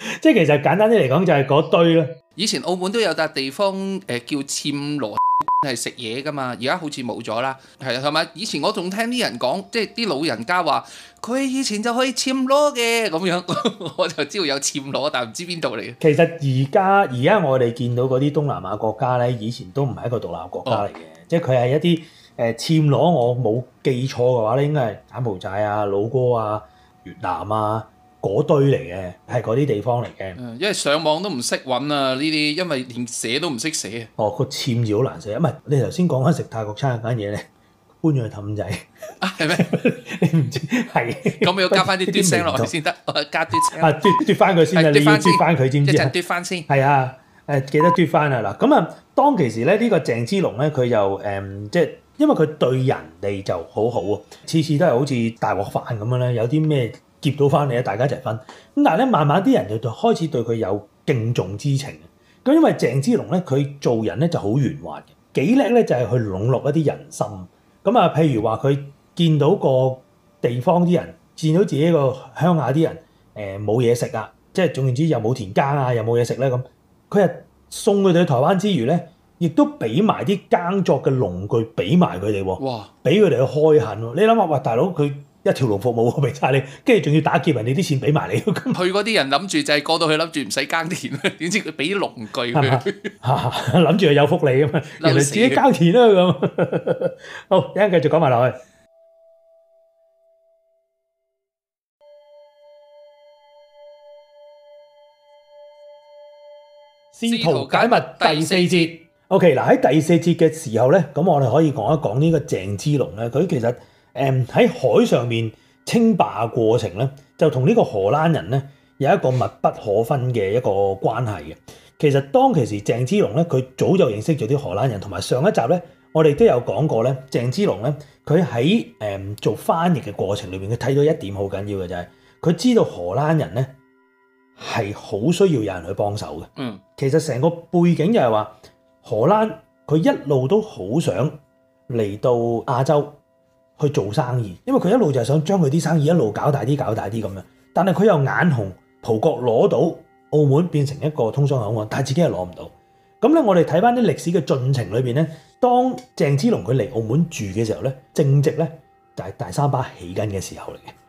即係其實簡單啲嚟講就係嗰堆啦。以前澳門都有笪地方誒叫暹羅係食嘢噶嘛，而家好似冇咗啦。係啊，係咪？以前我仲聽啲人講，即係啲老人家話佢以前就可以暹羅嘅咁樣，我就知道有暹羅，但唔知邊度嚟。其實而家而家我哋見到嗰啲東南亞國家咧，以前都唔係一個獨立國家嚟嘅，即係佢係一啲。誒暹羅，我冇記錯嘅話咧，應該係柬埔寨啊、老哥啊、越南啊嗰堆嚟嘅，係嗰啲地方嚟嘅。因為上網都唔識揾啊呢啲，因為連寫都唔識寫。哦，個暹字好難寫，唔係你頭先講緊食泰國餐嗰間嘢咧，搬咗去氹仔啊？係咩？ 你唔知係咁、 嗯 加嘟聲笑啊啊，你要加翻啲嘟聲落去先得，加啲聲啊！嘟嘟翻佢先啊！嘟翻佢，知唔知啊？一陣嘟翻先。係啊，誒記得嘟翻啊嗱！咁啊，當其時咧，呢個鄭芝龍咧，佢又誒即係。因為佢對人哋就好好啊，次次都係好似大鑊飯咁樣咧，有啲咩夾到翻嚟咧，大家一齊分。咁但係咧，慢慢啲人就開始對佢有敬重之情啊。咁因為鄭芝龍咧，佢做人咧就好圓滑嘅，幾叻咧就係去籠絡一啲人心。咁啊，譬如話佢見到個地方啲人，見到自己個鄉下啲人，誒冇嘢食啊，即係總言之又冇田耕啊，又冇嘢食咧咁，佢係送佢哋去台灣之餘咧。亦都畀埋啲耕作嘅農具畀埋佢哋喎，畀佢哋去開墾喎。你諗下，哇！大佬佢一條龍服務喎，畀晒你，跟住仲要打劫人哋啲錢畀埋你。佢嗰啲人諗住就係過到去諗住唔使耕田啦，點知佢俾啲農具佢嚇諗住係有福利啊嘛，諗住自己耕田啦，啊、咁。 好，一陣繼續講埋落去。試圖解密第四節。O.K. 嗱，喺第四節嘅時候咧，咁我哋可以講一講呢個鄭芝龍咧，佢其實誒喺、嗯、海上面稱霸嘅過程咧，就同呢個荷蘭人咧有一個密不可分嘅一個關係嘅。其實當其時鄭芝龍咧，佢早就認識咗啲荷蘭人，同埋上一集咧，我哋都有講過咧，鄭芝龍咧佢喺誒做翻譯嘅過程裏邊，佢睇到一點好緊要嘅就係、是、佢知道荷蘭人咧係好需要有人去幫手嘅。嗯，其實成個背景就係話。荷蘭佢一路都好想嚟到亞洲去做生意，因為佢一路就想將佢啲生意一路搞大啲、搞大啲咁樣。但係佢又眼紅葡國攞到澳門變成一個通商口岸，但自己又攞唔到。咁咧，我哋睇翻啲歷史嘅進程裏面，咧，當鄭芝龍佢嚟澳門住嘅時候咧，正值咧就係大三巴起緊嘅時候嚟嘅。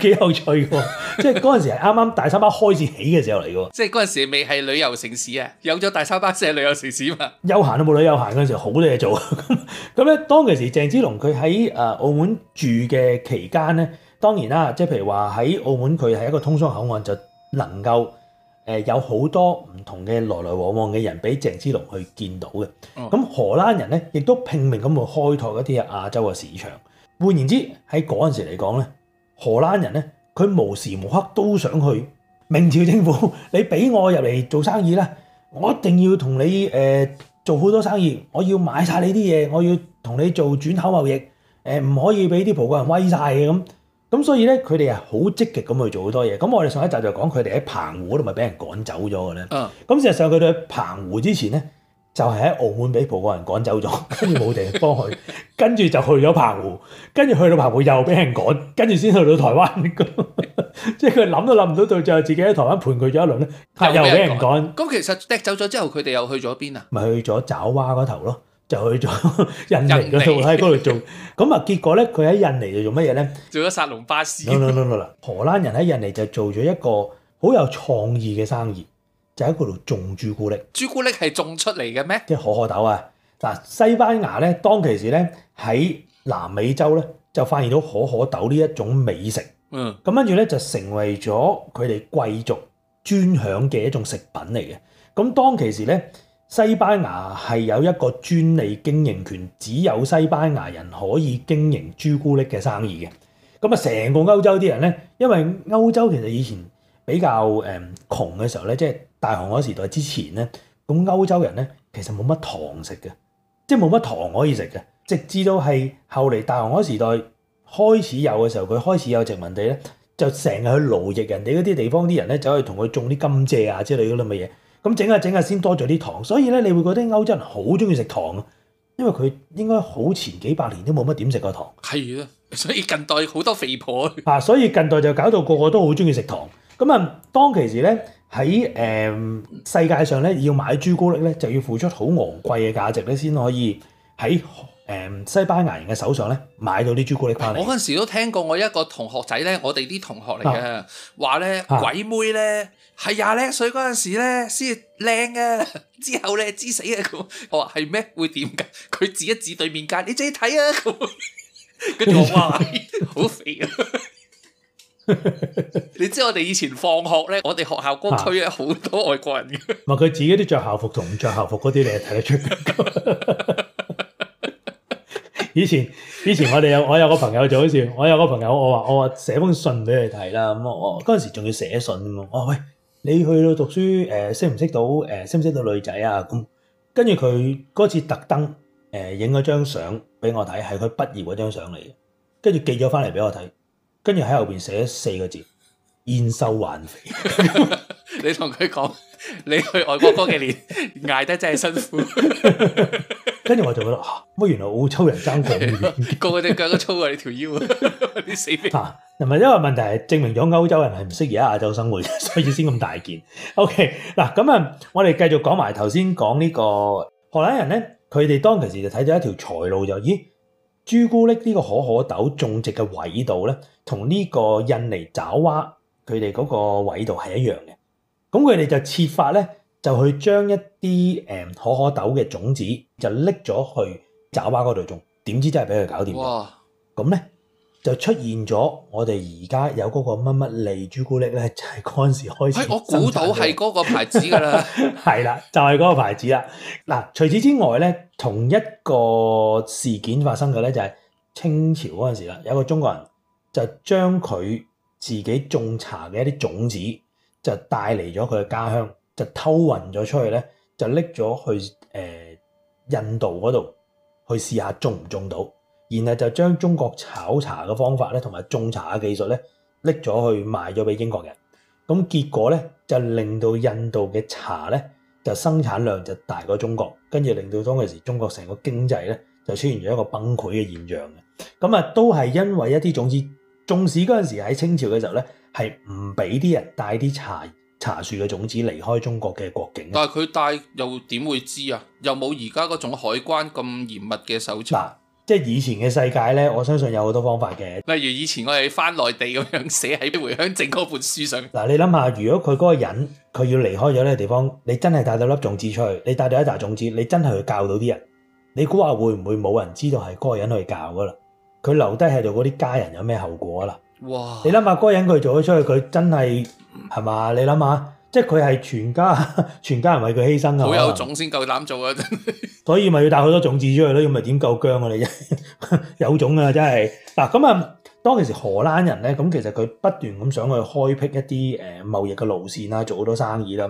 幾 有趣喎、啊！ 即係嗰陣時係啱啱大三巴開始起嘅時候嚟嘅喎，即係嗰陣時未係旅遊城市啊！有咗大三巴先係旅遊城市嘛、啊？休閒都冇，旅遊休閒嗰陣時好多嘢做。咁咁咧，當其時鄭芝龍佢喺誒澳門住嘅期間咧，當然啦，即係譬如話喺澳門佢係一個通商口岸，就能夠誒有好多唔同嘅來來往往嘅人俾鄭芝龍去見到嘅。咁、嗯、荷蘭人咧亦都拼命咁去開拓一啲亞洲嘅市場。換言之，喺嗰陣時嚟講咧。荷蘭人咧，佢無時無刻都想去明朝政府，你俾我入嚟做生意啦，我一定要同你、呃、做好多生意，我要買晒你啲嘢，我要同你做轉口貿易，呃、唔、可以俾啲葡國人威晒嘅咁，咁所以咧佢哋啊好積極咁去做好多嘢，咁我哋上一集就講佢哋喺澎湖嗰度咪俾人趕走咗嘅咧，咁事實上佢哋喺澎湖之前咧。就係喺澳門俾葡國人趕走咗，跟住冇地方去，跟住就去咗澎湖，跟住去到澎湖又俾人趕，跟住先去到台灣。即係佢諗都諗唔到到，最後自己喺台灣盤踞咗一輪咧，又俾人趕。咁其實掟走咗之後，佢哋又去咗邊啊？咪去咗爪哇嗰頭咯，就去咗印尼嗰度喺嗰度做。咁啊，結果咧，佢喺印尼就做乜嘢咧？做咗薩隆巴斯。嗱嗱嗱嗱嗱！荷蘭人喺印尼就做咗一個好有創意嘅生意。就喺嗰度種朱古力。朱古力係種出嚟嘅咩？即係可可豆啊！嗱，西班牙咧，當其時咧喺南美洲咧就發現到可可豆呢一種美食。嗯。咁跟住咧就成為咗佢哋貴族專享嘅一種食品嚟嘅。咁當其時咧，西班牙係有一個專利經營權，只有西班牙人可以經營朱古力嘅生意嘅。咁啊，成個歐洲啲人咧，因為歐洲其實以前比較誒窮嘅時候咧，即係。大航海時代之前咧，咁歐洲人咧其實冇乜糖食嘅，即係冇乜糖可以食嘅。直至到係後嚟大航海時代開始有嘅時候，佢開始有殖民地咧，就成日去奴役人哋嗰啲地方啲人咧，走去同佢種啲甘蔗啊之類嗰啲咁嘅嘢。咁整下整下先多咗啲糖，所以咧你會覺得歐洲人好中意食糖，因為佢應該好前幾百年都冇乜點食過糖。係啊，所以近代好多肥婆啊，所以近代就搞到個個都好中意食糖。咁啊，當其時咧。喺誒、嗯、世界上咧，要買朱古力咧，就要付出好昂貴嘅價值咧，先可以喺誒、嗯、西班牙人嘅手上咧買到啲朱古力翻嚟。我嗰陣時都聽過，我一個同學仔咧，我哋啲同學嚟嘅話咧，鬼妹咧係廿零歲嗰陣時咧先靚啊，之後咧知死啊！佢我話係咩？會點㗎？佢指一指對面間，你自己睇啊！跟住我話好肥啊！ 你知我哋以前放學咧，我哋學校嗰推啊好多外國人嘅。唔係佢自己都着校服同唔着校服嗰啲，你係睇得出嘅 以前以前我哋有我有個朋友就好笑，我有個朋友我話我話寫封信俾佢睇啦。咁、嗯、我嗰陣時仲要寫信我話喂，你去到讀書誒、呃，識唔識到誒、呃，識唔識到女仔啊？咁跟住佢嗰次特登誒，影咗張相俾我睇，係佢畢業嗰張相嚟，跟住寄咗翻嚟俾我睇。跟住喺後面寫咗四個字：燕瘦還肥。 你同佢講，你去外國嗰幾年捱 得真係辛苦。跟 住我就覺得、啊、原來澳洲人爭緊啲，個個隻腳都粗過你條腰啊，死肥。嗱，同埋因為問題係證明咗歐洲人係唔適宜喺亞洲生活，所以先咁大件。OK，嗱咁啊，我哋繼續講埋頭先講呢個荷蘭人呢。佢哋當其時就睇到一條財路就咦。朱古力呢個可可豆種植嘅緯度呢，同呢個印尼爪哇佢哋嗰個緯度係一樣嘅。咁佢哋就設法呢，就去將一啲可可豆嘅種子就拎咗去爪哇嗰度種，點知真係俾佢搞掂嘅。咁呢？就出現咗，我哋而家有嗰個乜乜利朱古力咧，就係嗰陣時開始，哎。我估到係嗰個牌子噶啦。係啦，就係、係、嗰個牌子啦。嗱，除此之外咧，同一個事件發生嘅咧，就係清朝嗰陣時啦。有一個中國人就將佢自己種茶嘅一啲種子，就帶嚟咗佢嘅家鄉，就偷運咗出去咧，就拎咗去誒印度嗰度去試下種唔種到。然後就將中國炒茶嘅方法咧，同埋種茶嘅技術咧，拎咗去賣咗俾英國人。咁結果咧，就令到印度嘅茶咧，就生產量就大過中國，跟住令到當其時中國成個經濟咧，就出現咗一個崩潰嘅現象嘅。咁啊，都係因為一啲種子，種子嗰陣時喺清朝嘅時候咧，係唔俾啲人帶啲茶茶樹嘅種子離開中國嘅國境。但係佢帶又點會知啊？又冇而家嗰種海關咁嚴密嘅手冊。即係以前嘅世界咧，我相信有好多方法嘅。例如以前我哋翻內地咁樣寫喺《回鄉證》嗰本書上。嗱，你諗下，如果佢嗰個人佢要離開咗呢個地方，你真係帶咗粒種子出去，你帶咗一沓種子，你真係去教到啲人，你估下會唔會冇人知道係嗰個人去教噶啦？佢留低喺度嗰啲家人有咩後果啦？哇！你諗下，嗰個人佢做咗出去，佢真係係嘛？你諗下。即係佢係全家，全家人為佢犧牲嘅嘛。好有種先夠膽做啊！ 所以咪要帶好多種子出去咯，咁咪點夠薑啊？你真係有種啊！真係嗱咁啊，當其時荷蘭人咧，咁其實佢不斷咁想去開闢一啲誒貿易嘅路線啦，做好多生意啦，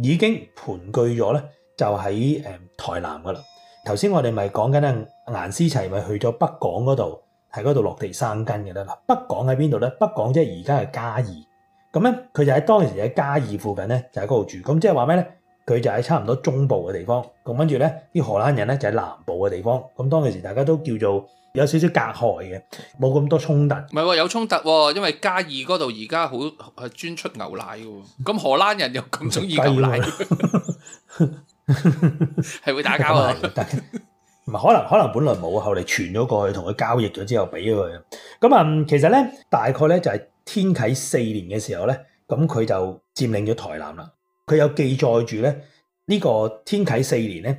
已經盤踞咗咧，就喺台南㗎啦。頭先我哋咪講緊咧顏思齊咪去咗北港嗰度，喺嗰度落地生根嘅啦。北港喺邊度咧？北港即係而家係嘉義。咁、嗯、咧，佢就喺當時喺嘉義附近咧，就喺嗰度住。咁即係話咩咧？佢就喺差唔多中部嘅地方。咁跟住咧，啲荷蘭人咧就喺南部嘅地方。咁、嗯、當其時大家都叫做有少少隔海嘅，冇咁多衝突。唔係喎，有衝突喎，哦，因為嘉義嗰度而家好係專出牛奶嘅喎。咁荷蘭人又咁中意牛奶，係 會打交喎。唔 係可能可能本來冇，後嚟傳咗過去，同佢交易咗之後俾咗佢。咁、嗯、啊，其實咧大概咧就係、是。天啟四年嘅時候呢，咁佢就佔領咗台南啦。佢有記載住呢，呢個天啟四年呢，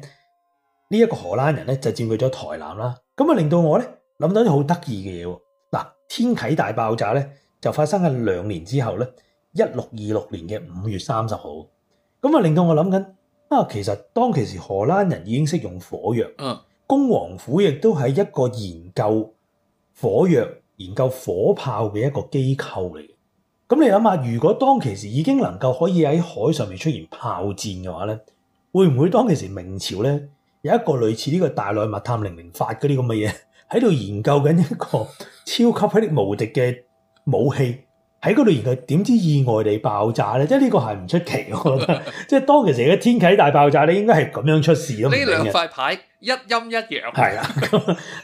呢一個荷蘭人呢，就佔據咗台南啦。咁啊，令到我呢，諗到啲好得意嘅嘢喎。嗱，天啟大爆炸呢，就發生喺兩年之後呢，一六二六年嘅五月三十號。咁啊，令到我諗緊啊，其實當其時荷蘭人已經識用火藥，嗯，王恭廠亦都係一個研究火藥，研究火炮嘅一個機構嚟嘅，咁你諗下，如果當其時已經能夠可以喺海上面出現炮戰嘅話咧，會唔會當其時明朝咧，有一個類似呢個大內密探零零發嗰啲咁嘅嘢喺度研究緊一個超級霹靂無敵嘅武器喺嗰度研究，點知意外地爆炸咧？即係呢個係唔出奇，我覺得，即係當其時嘅天啟大爆炸咧，應該係咁樣出事啊嘛。呢兩塊牌。一陰一陽係啦，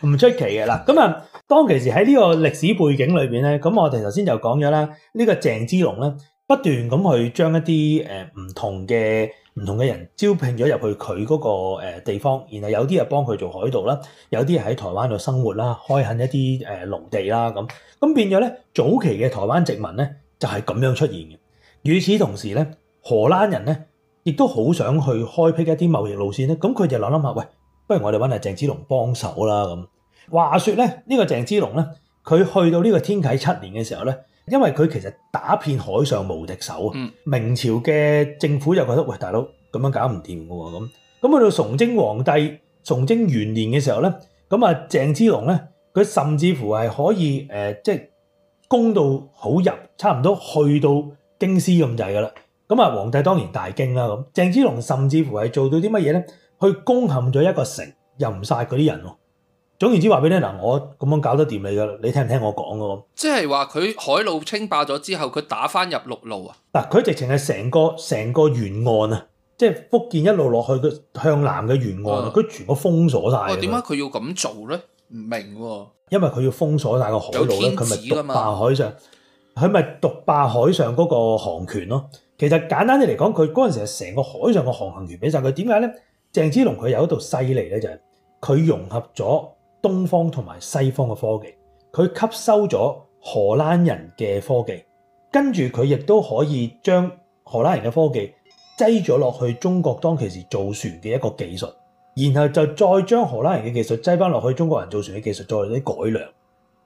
唔出奇嘅啦。咁啊，當其時喺呢個歷史背景裏面咧，咁我哋頭先就講咗啦。呢個鄭芝龍咧，不斷咁去將一啲唔同嘅、唔同嘅人招聘咗入去佢嗰個地方，然後有啲啊幫佢做海盜啦，有啲係喺台灣度生活啦，開墾一啲誒農地啦，咁咁變咗咧早期嘅台灣殖民咧就係咁樣出現嘅。與此同時咧，荷蘭人咧亦都好想去開闢一啲貿易路線咧，咁佢就諗諗下，喂～不如我哋揾阿鄭芝龍幫手啦咁。話說咧，呢個鄭芝龍咧，佢去到呢個天啟七年嘅時候咧，因為佢其實打遍海上無敵手啊、嗯。明朝嘅政府就覺得喂，大佬咁樣搞唔掂㗎喎咁。咁去到崇禎皇帝崇禎元年嘅時候咧，咁啊鄭芝龍咧，佢甚至乎係可以、呃、即係攻到好入，差唔多去到京師咁滯㗎啦。咁啊皇帝當然大驚啦咁。鄭芝龍甚至乎係做到啲乜嘢咧？佢攻陷咗一個城，又唔殺嗰啲人咯。總言之，話俾你聽嗱，我咁樣搞得掂你噶啦，你聽唔聽我講噶？即係話佢海路稱霸咗之後，佢打返入陸路啊？嗱，佢直情係成個成個沿岸啊，即係福建一路落去嘅向南嘅沿岸，佢、嗯、全部封鎖晒。點解佢要咁做咧？唔明喎。因為佢要封鎖晒個海路咧，佢咪獨霸海上，佢咪獨霸海上嗰個航權咯。其實簡單啲嚟講，佢嗰陣時係成個海上嘅航行權畀晒佢。點解咧？鄭芝龍佢有一度犀利呢，就係佢融合咗東方同埋西方嘅科技，佢吸收咗荷蘭人嘅科技，跟住佢亦都可以將荷蘭人嘅科技擠咗落去中國當其時造船嘅一個技術，然後就再將荷蘭人嘅技術擠返落去中國人造船嘅技術，再啲改良。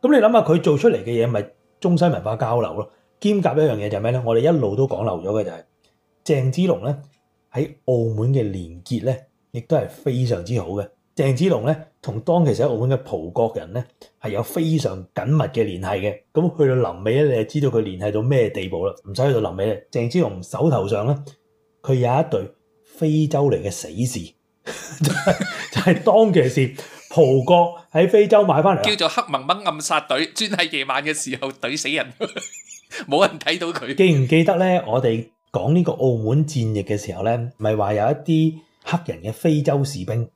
咁你諗下佢做出嚟嘅嘢，咪中西文化交流咯？兼夾一樣嘢就係咩呢？我哋一路都講漏咗嘅就係鄭芝龍呢喺澳門嘅連結咧。亦都係非常好的之好嘅。鄭芝龍咧，同當其時喺澳門嘅葡國的人咧，係有非常緊密嘅聯繫嘅。咁去到臨尾咧，你就知道佢聯繫到咩地步啦。唔使去到臨尾咧，鄭芝龍手頭上咧，佢有一隊非洲嚟嘅死士， 就係當其時葡國喺非洲買翻嚟，叫做黑蒙蒙暗殺隊，專喺夜晚嘅時候懟死人，冇 人睇到佢。記唔記得咧？我哋講呢個澳門戰役嘅時候咧，咪話有一啲？黑人嘅非洲士兵。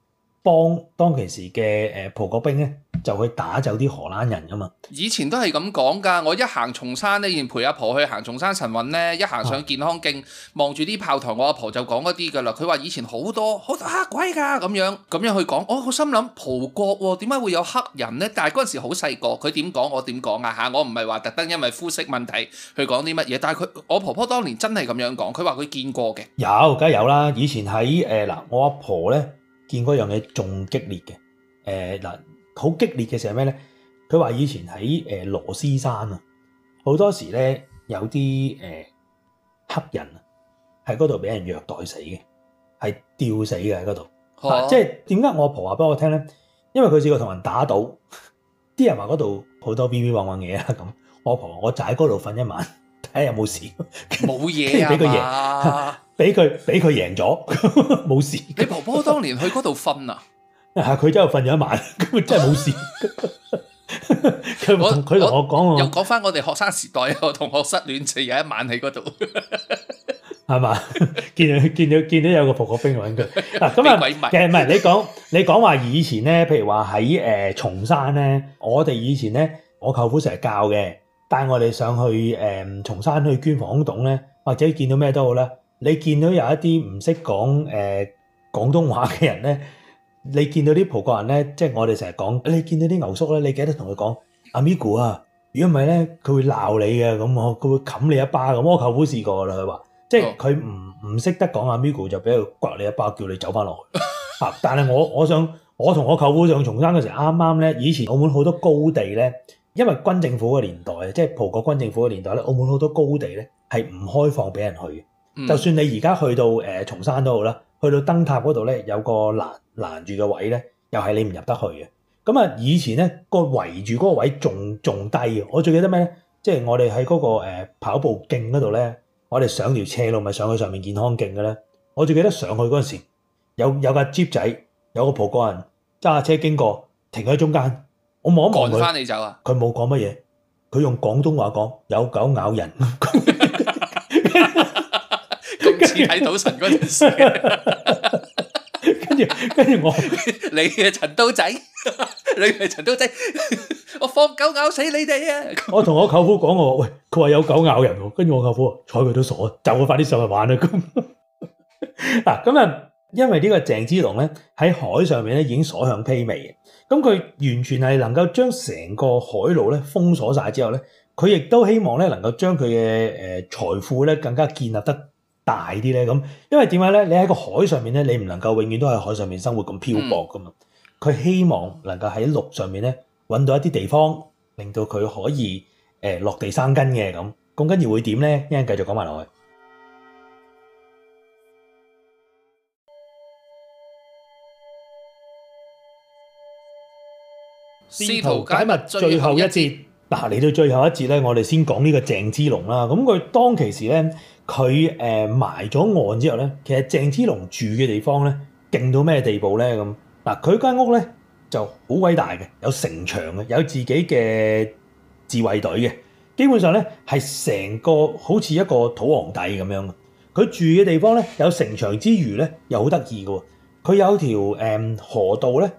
幫當其時嘅誒葡國兵咧，就去打走啲荷蘭人噶嘛。以前都係咁講噶。我一行松山咧，然陪阿婆去行松山晨運咧，一行上健康徑望住啲炮台，我阿婆，婆就講嗰啲噶啦。佢話以前好多好多黑鬼噶咁樣咁樣去講，哦。我好心諗葡國點、哦、解會有黑人咧？但係嗰陣時好細個，佢點講我點講啊嚇？我唔係話特登因為膚色問題去講啲乜嘢。但係佢我婆婆當年真係咁樣講，佢話佢見過嘅。有，梗係有啦。以前喺誒嗱，我阿婆咧。見嗰樣嘢仲激烈嘅，誒、呃、嗱，好激烈嘅事係咩咧？佢話以前喺誒、呃、螺絲山啊，好多時咧，有啲誒、呃、黑人啊，喺嗰度俾人虐待死嘅，係吊死嘅喺嗰度。即係點解我阿婆話俾我聽咧？因為佢試過同人打賭，啲人話嗰度好多 B B 掹掹嘢啊咁。我阿婆，我就喺嗰度瞓一晚，睇下有冇事。冇嘢俾佢贏～ 俾佢俾佢贏咗，冇事。你婆婆當年去嗰度瞓啊 他他？啊，佢真係瞓咗一晚，真係冇事。佢同我講我我我又講返我哋學生時代，我同學失戀住有一晚喺嗰度，係嘛？見見到見，見到有個婆婆兵喎，咁啊、嗯啊嗯，其實唔係你講你講話以前呢，譬如話喺松山呢，我哋以前呢，我舅父成日教嘅，帶我哋上去誒松、呃、山去捐防空洞或者見到咩都好啦。你見到有一啲唔識講誒廣東話嘅人咧，你見到啲葡國人咧，即係我哋成日講，你見到啲牛叔咧，你記得同佢講阿 Migu 啊，如果唔係咧，佢會鬧你嘅，咁我，佢會冚你一巴咁。我舅父試過啦，佢話，即係佢唔唔識得講阿 Migu 就俾佢刮你一巴，叫你走翻落去。 但係我我想，我同我舅父上松山嗰時候，啱啱咧，以前澳門好多高地咧，因為軍政府嘅年代，即係葡國軍政府嘅年代咧，澳門好多高地咧係唔開放俾人去嘅。就算你而家去到誒、呃、松山都好啦，去到燈塔嗰度咧，有個攔攔住嘅位咧，又係你唔入得去嘅。咁啊，以前咧個圍住嗰個位仲仲低嘅。我最記得咩咧？即係我哋喺嗰個、呃、跑步徑嗰度咧，我哋上條斜路咪上去上面健康徑嘅咧。我最記得上去嗰陣時，有有架 jeep 仔，有個葡國人揸車經過，停喺中間。我望一望佢，佢冇講乜嘢，佢用廣東話講：有狗咬人。 似睇賭神陣時，跟住跟住我， 你係陳刀仔，你係陳刀仔，我放狗咬死你哋啊！ 我同我舅父講，我喂，佢話有狗咬人喎，跟住我舅父啊，睬佢都傻，就我快啲上去玩啦！咁嗱，咁啊，因為呢個鄭芝龍咧喺海上面咧已經所向披靡嘅，咁佢完全係能夠將成個海路咧封鎖晒之後咧，佢亦都希望咧能夠將佢嘅誒財富咧更加建立得。大啲咧咁，因為點解咧？你喺個海上面咧，你唔能夠永遠都喺海上面生活咁漂泊噶嘛？佢、嗯、希望能夠喺陸上面咧搵到一啲地方，令到佢可以誒、呃、落地生根嘅咁。咁跟住會點咧？一陣繼續講埋落去。試圖解密最後一節嗱，嚟、啊、到最後一節咧，我哋先講呢個鄭芝龍啦。咁佢當其時咧。佢誒埋咗岸之後咧，其實鄭芝龍住嘅地方咧，勁到咩地步咧咁？嗱，佢間屋咧就好鬼大嘅，有城牆嘅，有自己嘅自衛隊嘅，基本上咧係成個好似一個土皇帝咁樣。佢住嘅地方咧，有城牆之餘咧，又好得意嘅。佢有條誒河道咧，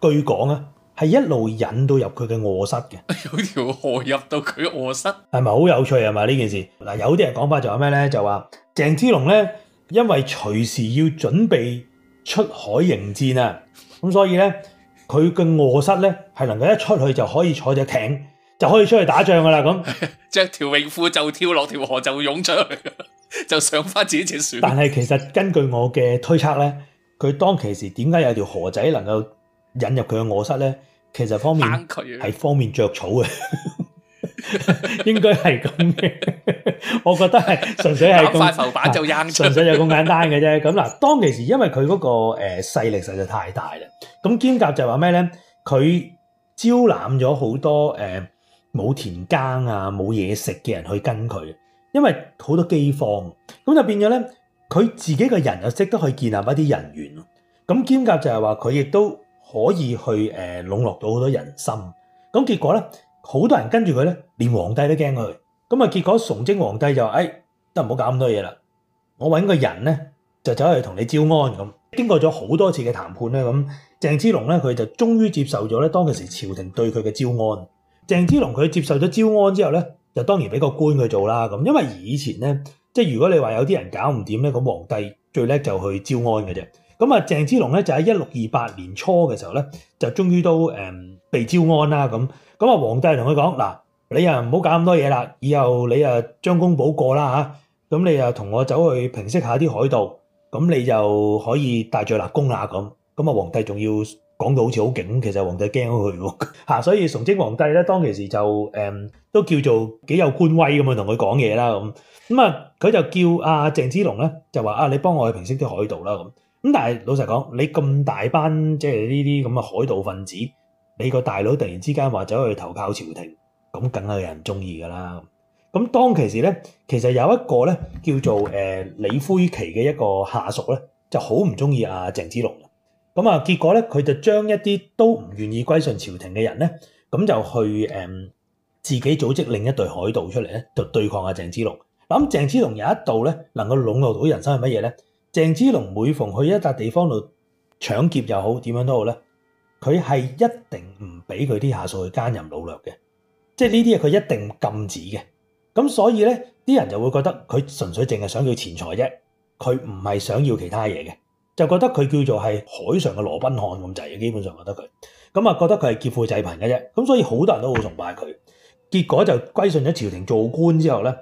據講啊。係一路引到入佢嘅臥室嘅，有條河入到佢臥室，係咪好有趣啊？嘛呢件事嗱，有啲人講法就話咩呢？就話鄭芝龍咧，因為隨時要準備出海迎戰啊，咁所以咧，佢嘅臥室咧係能夠一出去就可以坐隻艇，就可以出去打仗㗎喇，咁着條泳褲就跳落條河就會湧出去，就上返自己隻船。但係其實根據我嘅推測呢，佢當其時點解有條河仔能夠引入佢嘅臥室呢？其實方面係方便着草嘅 應該係咁嘅。我覺得係純粹係塊浮板就簡單，純粹就咁簡單嘅啫。咁嗱，當其時因為佢嗰個誒勢力實在太大啦，咁兼夾就話咩咧？佢招攬咗好多誒冇田耕啊、冇嘢食嘅人去跟佢，因為好多饑荒，咁就變咗咧佢自己個人又識得去建立一啲人緣咯。咁兼夾就係話佢亦都。可以去誒籠絡到好多人心，咁結果咧，好多人跟住佢咧，連皇帝都驚佢，咁啊結果崇禎皇帝就話：誒、哎，都唔好搞咁多嘢啦，我搵個人咧，就走去同你招安咁。經過咗好多次嘅談判咧，咁鄭芝龍咧佢就終於接受咗咧，當其時朝廷對佢嘅招安。鄭芝龍佢接受咗招安之後咧，就當然俾個官佢做啦，咁因為以前咧，即係如果你話有啲人搞唔掂咧，咁皇帝最叻就去招安嘅啫。咁啊，鄭芝龍咧就喺一六二八年初嘅時候咧，就終於都誒、嗯、被招安啦咁。咁啊，皇帝同佢講：嗱，你啊唔好搞咁多嘢啦，以後你啊將功補過啦咁、啊、你啊同我走去平息下啲海盜，咁你就可以戴罪立功啦咁。咁啊，皇帝仲要講到好似好勁，其實皇帝驚佢喎，所以崇禎皇帝咧當其時就誒、嗯、都叫做幾有官威咁去同佢講嘢啦咁。咁啊，佢就叫阿鄭芝龍咧就話：啊，你幫我去平息啲海盜啦咁。咁但係老實講，你咁大班即係呢啲咁嘅海盜分子，你個大佬突然之間話走去投靠朝廷，咁梗係有人中意噶啦。咁當其時咧，其實有一個咧叫做誒李魁奇嘅一個下屬咧，就好唔中意阿鄭芝龍。咁啊，結果咧佢就將一啲都唔願意歸順朝廷嘅人咧，咁就去誒自己組織另一隊海盜出嚟咧，就對抗阿鄭芝龍。咁鄭芝龍有一度咧，能夠籠絡到人心係乜嘢咧？鄭芝龍每逢去一笪地方度搶劫又好，點樣都好呢？佢係一定唔俾佢啲下屬去奸淫擄掠嘅，即係呢啲嘢佢一定禁止嘅。咁所以呢啲人就會覺得佢純粹淨係想要錢財啫，佢唔係想要其他嘢嘅，就覺得佢叫做係海上嘅羅賓漢咁滯嘅，基本上覺得佢，咁就覺得佢係劫富濟貧嘅啫。咁所以好多人都好崇拜佢，結果就歸順咗朝廷做官之後呢。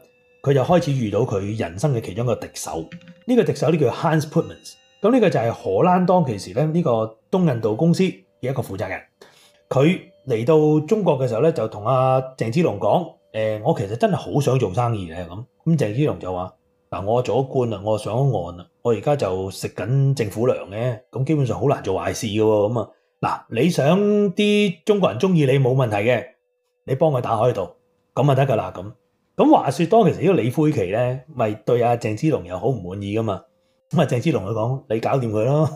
佢就開始遇到佢人生嘅其中一個敵手，呢個敵手呢叫 Hans Putmans，咁呢個就係荷蘭當其時呢，呢個東印度公司嘅一個負責人。佢嚟到中國嘅時候呢，就同阿鄭芝龍講：我其實真係好想做生意嘅咁。鄭芝龍就話：我做咗官啦，我上咗岸啦，我而家就食緊政府糧嘅，基本上好難做壞事嘅喎。啊，嗱，你想啲中國人中意你冇問題嘅，你幫佢打開度，咁就得㗎喇。咁話説，當其實呢個李魁奇呢咪對阿鄭芝龍又好唔滿意㗎嘛？咁啊，鄭芝龍佢講：你搞掂佢咯，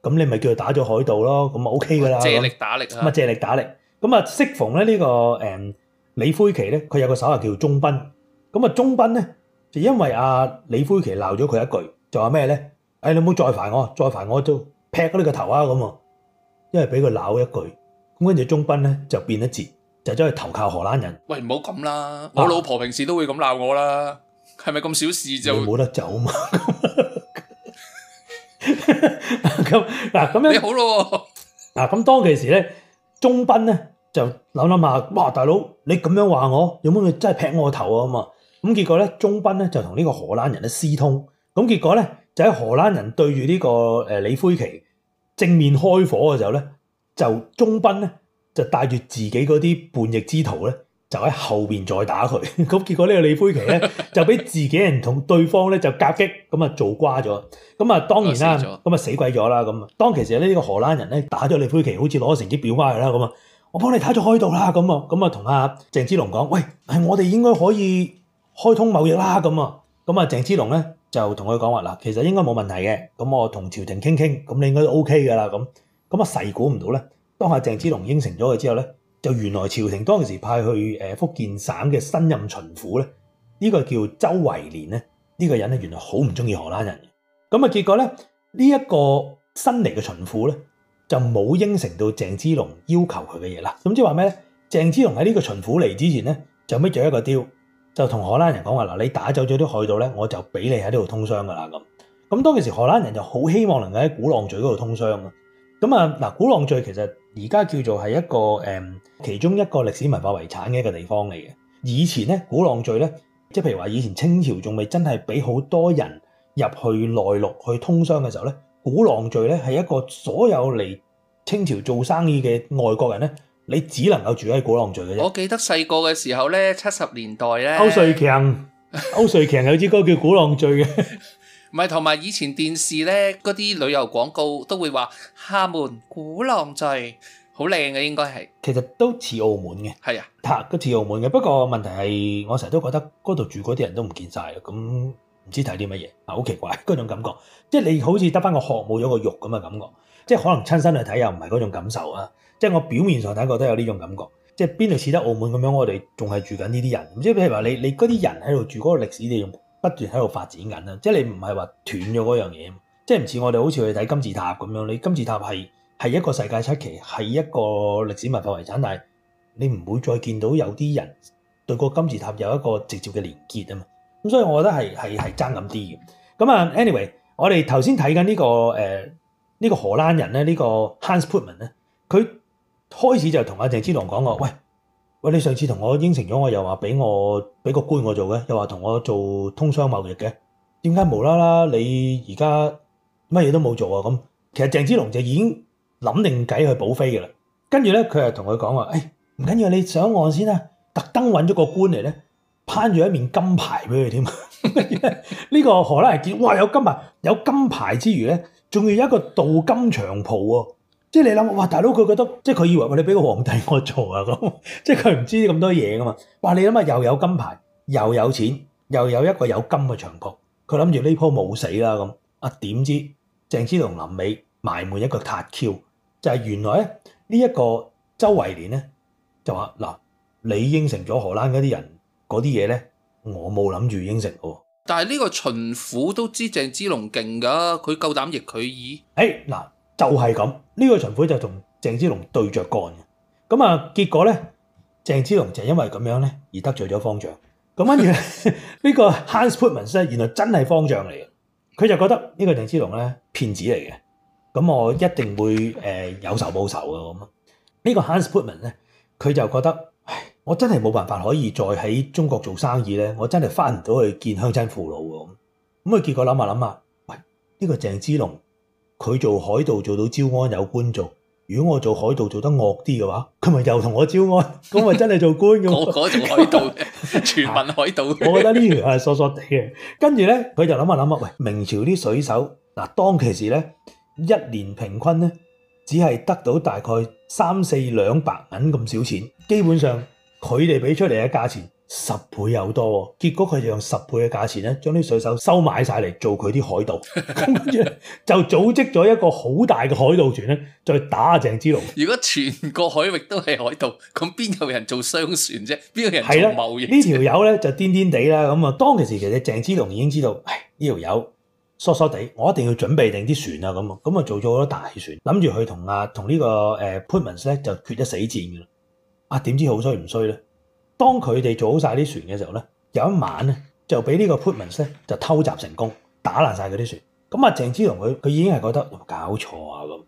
咁你咪叫佢打咗海盜咯，咁 OK 㗎啦。借力打力咁啊，借力打力。咁啊，適逢呢、這個、嗯、李魁奇呢，佢有個手下叫鍾斌。咁啊，鍾斌呢，就因為阿李魁奇鬧咗佢一句，就話咩咧？誒，你唔好再煩我，再煩我都劈咗你個頭啊！咁啊，因為俾佢鬧一句，咁跟住鍾斌呢，就變咗節。就走去投靠荷蘭人。喂，唔好咁啦，我老婆平時都會咁鬧我啦。係咪咁小事就冇得走嘛？咁 嗱，咁樣你好咯。嗱，咁當其時咧，鍾斌咧就諗諗下，哇，大佬你咁樣話我，有冇會真係劈我的頭啊嘛？咁結果咧，鍾斌咧就同呢個荷蘭人咧私通。咁結果咧，就喺荷蘭人對住呢個李魁奇正面開火嘅時候咧，就鍾斌咧。就帶住自己嗰啲叛逆之徒咧，就喺後邊再打佢。咁 結果呢個李魁奇咧，就俾自己人同對方咧就夾擊，咁啊做瓜咗。咁啊當然啦，咁啊死鬼咗啦。咁啊當其時呢個荷蘭人咧打咗李魁奇，好似攞成績表瓜去啦。咁啊，我幫你打咗開道啦。咁啊，咁啊同阿鄭芝龍講：喂，係我哋應該可以開通貿易啦。咁啊，咁啊鄭芝龍咧就同佢講話嗱，其實應該冇問題嘅。咁我同朝廷傾傾，咁你應該都 O K 㗎啦。咁咁啊，誰估唔到咧？當下鄭芝龍應承咗佢之後咧，就原來朝廷當其時派去誒福建省嘅新任巡撫咧，呢、這個叫周維廉咧，呢、這個人咧原來好唔中意荷蘭人嘅。咁啊，結果咧、這個、呢這個來，一個新嚟嘅巡撫咧，就冇應承到鄭芝龍要求佢嘅嘢啦。咁即係話咩咧？鄭芝龍喺呢個巡撫嚟之前咧，就搣住一個雕，就同荷蘭人講話嗱，你打走咗啲海盜咧，我就俾你喺呢度通商噶啦咁。咁當其時荷蘭人就好希望能夠喺鼓浪嶼嗰度通商啊。咁啊嗱，鼓浪嶼其實～而家叫做係一個誒，其中一個歷史文化遺產嘅一個地方嚟嘅。以前咧，鼓浪嶼咧，即係譬如話，以前清朝仲未真係俾好多人入去內陸去通商嘅時候咧，鼓浪嶼咧係一個所有嚟清朝做生意嘅外國人咧，你只能夠住喺鼓浪嶼嘅啫。我記得細個嘅時候咧，七十年代咧，歐瑞強，歐瑞強有支歌叫《鼓浪嶼》嘅。唔係，同埋以前電視咧，嗰啲旅遊廣告都會話，廈門鼓浪嶼好靚嘅應該係，其實都似澳門嘅，係啊，啊，都似澳門嘅。不過問題係，我成日都覺得嗰度住嗰啲人都唔見晒，咁、嗯、唔知睇啲乜嘢啊，好奇怪嗰種感覺，即係你好似得翻個殼冇咗個肉咁嘅感覺，即係可能親身去睇又唔係嗰種感受啊，即係我表面上睇覺得有呢種感覺，即係邊度似得澳門咁樣，我哋仲係住緊呢啲人，即係譬如話你你嗰啲人喺度住嗰個歷史不斷喺度發展緊啦，即係你唔係話斷咗嗰樣嘢，即係唔似我哋好似去睇金字塔咁樣，你金字塔係係一個世界七奇，係一個歷史文化遺產，但係你唔會再見到有啲人對個金字塔有一個直接嘅連結啊嘛，咁所以我覺得係係係爭咁啲嘅。咁啊，anyway，我哋頭先睇緊呢個誒呢個荷蘭人咧，呢個 Hans Putman 咧，佢開始就同阿鄭芝龍講話，喂。喂，你上次同我應承咗，又我又話俾我俾個官我做嘅，又話同我做通商貿易嘅，點解冇啦啦你而家乜嘢都冇做啊？咁其實鄭芝龍就已經諗定計去補飛嘅啦。呢跟住咧，佢又同佢講話，誒唔緊要，你上岸先啦。特登揾咗個官嚟咧，攀住一面金牌俾佢添。呢 個荷蘭人見哇，有金牌，有金牌之餘咧，仲要有一個鍍金長袍喎。即係你諗，哇大佬佢覺得，即係佢以為，喂你俾個皇帝我做啊咁，即係佢唔知咁多嘢噶嘛。哇你諗下又有金牌，又有錢，又有一個有金嘅長袍，佢諗住呢鋪冇死啦咁。啊點知鄭芝龍臨尾埋門一腳塔橋，就係、是、原來咧呢一個周圍廉咧就話嗱，你應承咗荷蘭嗰啲人嗰啲嘢咧，我冇諗住應承嘅。但係呢個秦虎都知鄭芝龍勁噶，佢夠膽逆佢意。誒、欸、嗱。就係咁，呢個巡捕就同鄭芝龍對着幹嘅。咁啊，結果咧，鄭芝龍就因為咁樣咧而得罪咗方丈。咁跟住呢 個 Hans Putman 咧，原來真係方丈嚟嘅。佢就覺得呢個鄭芝龍咧騙子嚟嘅。咁我一定會誒有仇報仇啊。咁呢個 Hans Putman 咧，佢就覺得，唉，我真係冇辦法可以再喺中國做生意咧，我真係翻唔到去見鄉親父老喎咁。咁佢結果諗下諗下，喂，呢個鄭芝龍。佢做海盜做到招安有官做，如果我做海盜做得惡啲嘅話，佢咪又同我招安，咁咪真係做官咁。我 改做海盜嘅 全民海盜。我覺得呢條係傻傻地嘅。跟住呢，佢就諗下諗下，喂，明朝啲水手當當其時呢一年平均只係得到大概三四兩白銀咁少錢，基本上佢哋俾出嚟嘅價錢，十倍有多，結果佢就用十倍嘅價錢咧，將啲水手收買晒嚟做佢啲海盜，跟 住就組織咗一個好大嘅海盜船咧，再打阿、啊、鄭芝龍。如果全個海域都係海盜，咁邊有人做商船啫？邊有人做貿易呢？呢條友咧就癲癲地啦，咁啊，當其時其實鄭芝龍已經知道，唉，呢條友疏疏地，我一定要準備定啲船啊，咁啊，咁啊，做咗好多大船，諗住去同啊同、這個呃、呢個誒 Putmans 咧就決一死戰嘅啦。啊，點知好衰唔衰咧？當佢哋做好晒啲船嘅時候呢，有一晚呢，就俾呢個 Putmans 咧就偷襲成功，打爛晒嗰啲船。咁啊，鄭芝龍佢佢已經係覺得搞錯啊，咁，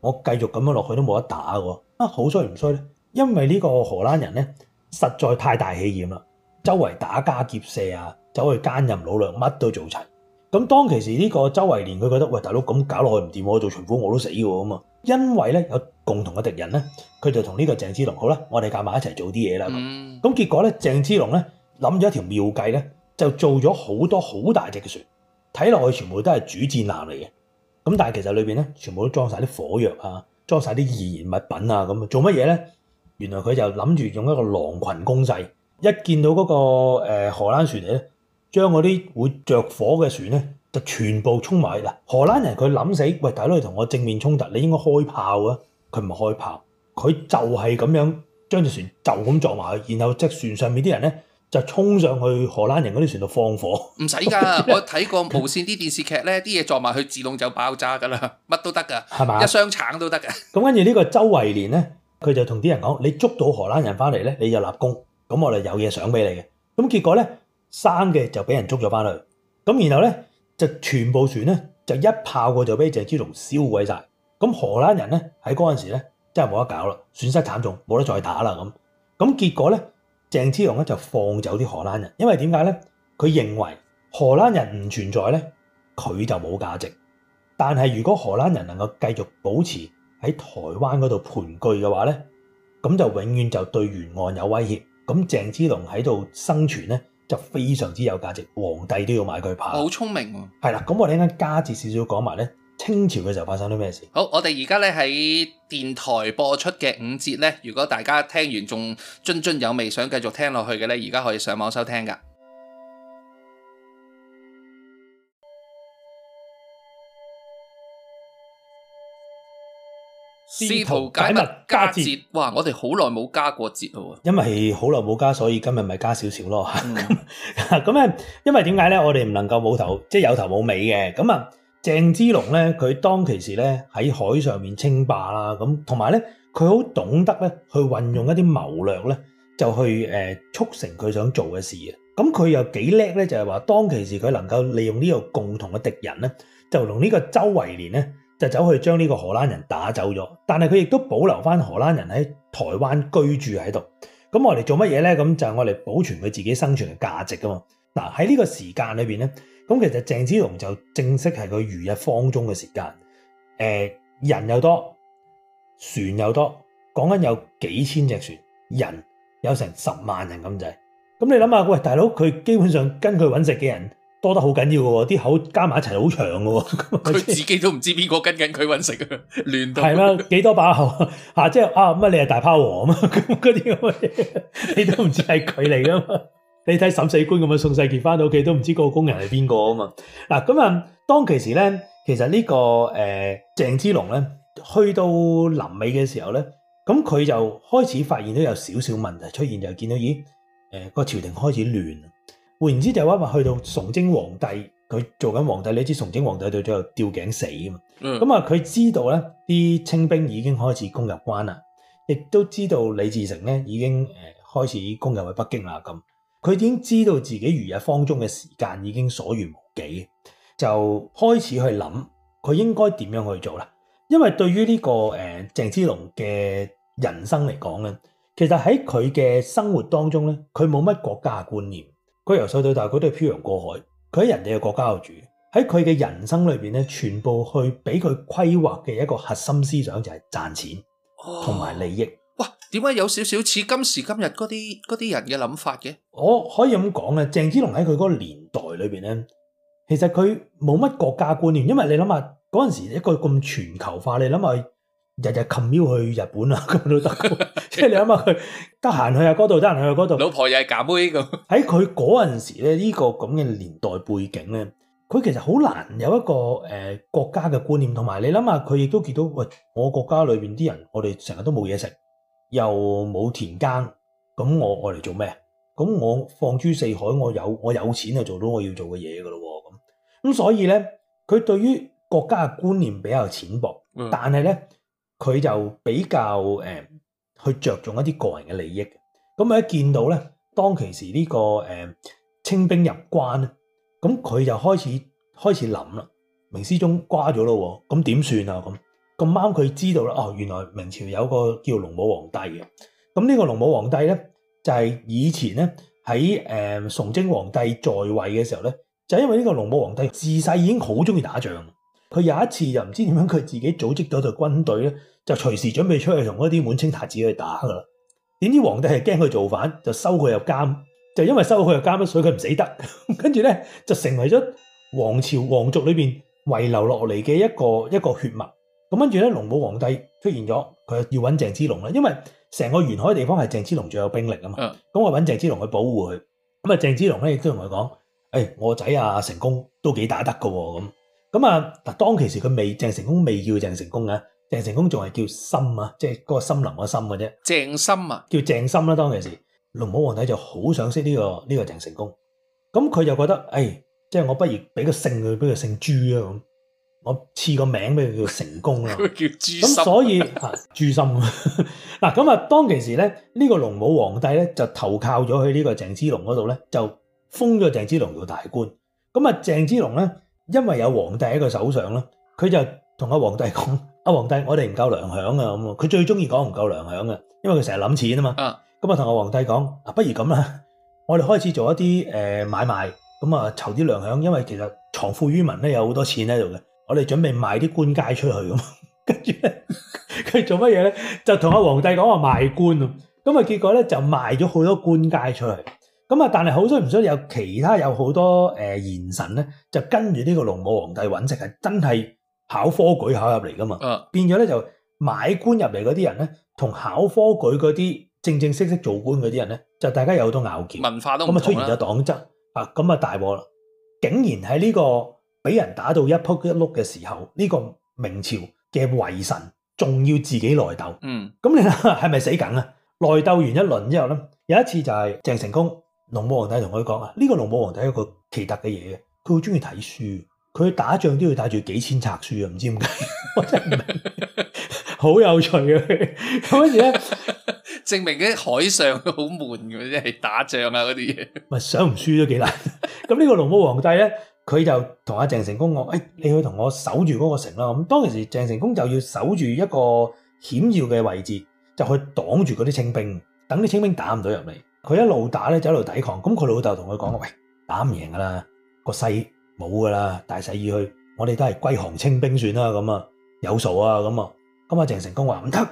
我繼續咁樣落去都冇得打喎。啊，好衰唔衰呢？因為呢個荷蘭人呢，實在太大氣焰啦，周圍打家劫舍啊，走去奸淫擄掠，乜都做齊。咁當其時呢個鄒維璉佢覺得喂，大佬，咁搞落去唔掂，我做巡撫我都死喎嘛。因為呢，有共同嘅敵人呢。佢就同呢個鄭芝龍，好啦，我哋夾埋一齊做啲嘢啦。咁、嗯、結果呢，鄭芝龍咧諗咗一條妙計呢，就做咗好多好大隻嘅船，睇落去全部都係主戰艦嚟嘅。咁但係其實裏面呢，全部都裝晒啲火藥啊，裝晒啲易燃物品啊，咁做乜嘢呢？原來佢就諗住用一個狼群攻勢，一見到嗰個荷蘭船嚟咧，將嗰啲會著火嘅船呢，就全部衝埋嗱。荷蘭人佢諗死，喂，大佬你同我正面衝突，你應該開炮啊，佢唔開炮。佢就係咁樣將隻船就咁撞埋去，然後隻船上面啲人咧就衝上去荷蘭人嗰啲船度放火。唔使噶，我睇過無線啲電視劇咧，啲 嘢撞埋去自動就爆炸噶啦，乜都得噶，係嘛？一箱橙都得噶。咁跟住呢個周維廉咧，佢就同啲人講：你捉到荷蘭人翻嚟咧，你就立功。咁我哋有嘢賞俾你嘅。咁結果咧，生嘅就俾人捉咗翻去。咁然後咧，就全部船咧就一炮過就俾鄭芝龍燒毀晒。咁荷蘭人咧喺嗰陣時咧。真係冇得搞啦，損失慘重，冇得再打啦咁。咁結果咧，鄭芝龍咧就放走啲荷蘭人，因為點解咧？佢認為荷蘭人唔存在咧，佢就冇價值。但係如果荷蘭人能夠繼續保持喺台灣嗰度盤踞嘅話咧，咁就永遠就對沿岸有威脅。咁鄭芝龍喺度生存咧，就非常之有價值。皇帝都要買佢牌。好聰明，啊。係啦，咁我哋一陣間加字少少講埋咧。清朝嘅時候發生啲咩事？好，我哋而家咧喺電台播出嘅五節咧，如果大家聽完仲津津有味，想繼續聽落去嘅咧，而家可以上網收聽噶試圖解密加節，哇！我哋好耐冇加過節咯，因為好耐冇加，所以今日咪加少少咯。咁咁咧，因為點解咧？我哋唔能夠冇頭，即係有頭冇尾嘅咁啊。鄭芝龍呢，佢當其時咧喺海上面稱霸啦，咁同埋呢，佢好懂得呢去運用一啲謀略，就是呢，就去促成佢想做嘅事。咁佢又幾叻呢，就係話當其時佢能夠利用呢個共同嘅敵人呢，就用呢個周維廉呢，就走去將呢個荷蘭人打走咗。但係佢亦都保留返荷蘭人喺台灣居住喺度。咁我哋做乜嘢呢？咁就係我哋保存佢自己生存嘅價值噶嘛。嗱，喺呢個時間裏面呢。咁其實鄭芝龍就正式係佢如日方中嘅時間，誒人又多，船又多，講緊有幾千隻船，人有成十萬人咁滯。咁你諗下，喂大佬，佢基本上跟佢揾食嘅人多得好緊要㗎喎，啲口加埋一齊好長㗎喎，佢自己都唔知邊個跟緊佢揾食啊，亂到係 啦，幾多把口啊？即係啊，乜你係大炮王啊？咁嗰啲乜你都唔知係佢嚟㗎嘛？ 你睇審死官咁啊，宋世傑翻到屋企都唔知個工人係邊個啊嘛。嗱咁啊，當其時咧，其實呢、這個誒、呃、鄭芝龍咧，去到臨尾嘅時候咧，咁佢就開始發現到有少少問題出現，就見到咦誒個朝廷開始亂啊。換言之就話話去到崇禎皇帝，佢做緊皇帝，你知崇禎皇帝到最後吊頸死啊嘛。嗯。咁啊，佢知道咧啲清兵已經開始攻入關啦，亦都知道李自成咧已經誒開始攻入去北京啦咁。佢已經知道自己如日方中嘅時間已經所餘無幾，就開始去諗佢應該點樣去做啦。因為對於呢、這個誒、呃、鄭芝龍嘅人生嚟講咧，其實喺佢嘅生活當中咧，佢冇乜國家觀念。佢由細到大，佢都係漂洋過海，佢喺人哋嘅國家度住。喺佢嘅人生裏邊咧，全部去俾佢規劃嘅一個核心思想就係賺錢同埋利益。哇！點解有少少似今時今日嗰啲嗰啲人嘅諗法嘅？我可以咁講啊，鄭芝龍喺佢嗰個年代裏邊咧，其實佢冇乜國家觀念，因為你諗下嗰陣時一個咁全球化，你諗下日日 commute 去日本啊，咁 都得可，即 係你諗下佢得閒去下嗰度，得閒去下嗰度，老婆又係假妹咁。喺佢嗰陣時咧，呢、呢個咁嘅年代背景咧，佢其實好難有一個誒、呃、國家嘅觀念，同埋你諗下佢亦都見到喂，我國家裏邊啲人，我哋成日都冇嘢食。又冇田耕，咁我我嚟做咩？咁我放諸四海，我有我有錢就做到我要做嘅嘢噶咯喎！咁咁所以咧，佢對於國家嘅觀念比較淺薄，嗯、但係咧佢就比較、呃、去着重一啲個人嘅利益。咁一見到咧，當其時呢、呢個、呃、清兵入關咧，咁佢就開始開始諗啦，明思宗瓜咗咯，咁點算啊？咁咁啱佢知道哦，原來明朝有個叫隆武皇帝嘅。咁、這、呢個隆武皇帝呢，就係以前呢喺崇禎皇帝在位嘅時候呢，就因為呢個隆武皇帝自細已經好中意打仗，佢有一次又唔知點樣，佢自己組織咗隊軍隊呢，就隨時準備出去同嗰啲滿清韃子去打㗎啦。點知皇帝係怕佢造反，就收佢入監，就因為收佢入監，所以佢唔死得。跟住呢，就成為咗皇朝皇族裏面遺留落嚟嘅一個一個血脈。咁跟住咧，隆武皇帝出現咗，佢要揾鄭芝龍啦，因為成個沿海地方係鄭芝龍最有兵力啊嘛。咁、嗯、我揾鄭芝龍去保護佢。咁啊，鄭芝龍咧亦都同佢講：，誒，我個仔啊，成功都幾打得㗎喎。咁咁啊，但當其時佢未鄭成功未叫鄭成功嘅、啊，鄭成功仲係叫森啊，即係嗰個森林嘅森嘅啫。鄭森啊，叫鄭森啦、啊。當其時，隆武皇帝就好想識呢、這個呢、這個鄭成功。咁佢就覺得：，誒、哎，即、就、係、是、我不如俾個姓佢，俾個姓朱啊咁。我賜個名俾佢叫成功啦 ，咁、嗯、所以啊，誅心嗱咁啊，當其時咧，呢、這個隆武皇帝咧就投靠咗去呢個鄭芝龍嗰度咧，就封咗鄭芝龍做大官。咁啊，鄭芝龍咧，因為有皇帝喺佢手上啦，佢就同阿皇帝講：，阿 皇帝，我哋唔夠糧餉啊，咁佢最中意講唔夠糧餉啊，因為佢成日諗錢啊嘛。咁啊，同阿皇帝講：，嗱，不如咁啦，我哋開始做一啲誒、呃、買賣，咁啊，籌啲糧餉，因為其實藏富於民咧，有好多錢喺度嘅。我哋準備賣啲官階出去，跟住咧佢做乜嘢咧？就同阿皇帝講話賣官，咁啊結果咧就賣咗好多官階出去。咁啊，但係好衰唔衰？有其他有好多誒賢臣咧，就跟住呢個隆武皇帝搵食。係真係考科舉考入嚟㗎嘛？變咗咧就買官入嚟嗰啲人咧，同考科舉嗰啲正正式式做官嗰啲人咧，就大家有好多拗撬，文化都咁啊，出現咗黨爭啊，咁啊大鑊啦！竟然喺呢、這個。畀人打到一撲一碌嘅時候，呢個明朝嘅遺臣仲要自己內鬥，咁、嗯、你睇係咪死梗啊？內鬥完一輪之後呢，有一次就係鄭成功、龍武皇帝同佢講啊，呢個龍武皇帝一個奇特嘅嘢，佢好鍾意睇書，佢打仗都要帶住幾千冊書啊，唔知點解，我真係唔明，好 有趣啊！咁而呢， 證明喺海上好悶嘅，即打仗啊嗰啲嘢，咪 想唔輸都幾難。咁呢個龍武皇帝呢。佢就同阿鄭成功講：，誒，哎，你去同我守住嗰個城啦。咁當其時，鄭成功就要守住一個險要嘅位置，就去擋住嗰啲清兵，等啲清兵打唔到入嚟。佢一路打呢，就一路抵抗。咁佢老豆同佢講：，喂，打唔贏㗎啦，個勢冇㗎啦，大勢已去，我哋都係歸降清兵算啦。咁啊，有數啊，咁啊。咁阿鄭成功話唔得，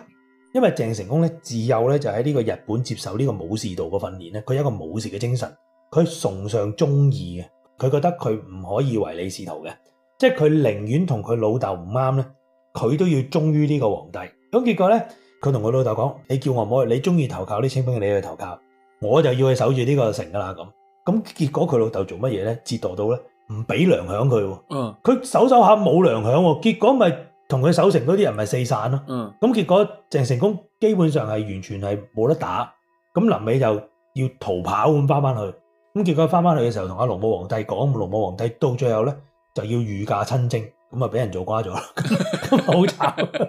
因為鄭成功呢，自幼呢，就喺呢個日本接受呢個武士道嘅訓練咧，佢有一個武士嘅精神，佢崇尚忠義嘅。佢覺得佢唔可以唯利是圖嘅，即係佢寧願同佢老豆唔啱咧，佢都要忠於呢個皇帝。咁結果咧，佢同佢老豆講：，你叫我唔好去，你中意投靠啲清兵，你去投靠，我就要去守住呢個城噶啦。咁咁結果佢老豆做乜嘢咧？折墮到咧，唔俾糧餉佢。嗯，佢守守下冇糧餉，結果咪同佢守城嗰啲人咪四散咯。嗯，咁結果鄭成功基本上係完全係冇得打，咁臨尾就要逃跑咁翻翻去。跟住佢翻翻去嘅時候，同阿隆武皇帝講，隆武皇帝到最後咧就要御駕親征，咁啊俾人做瓜咗啦，咁好慘，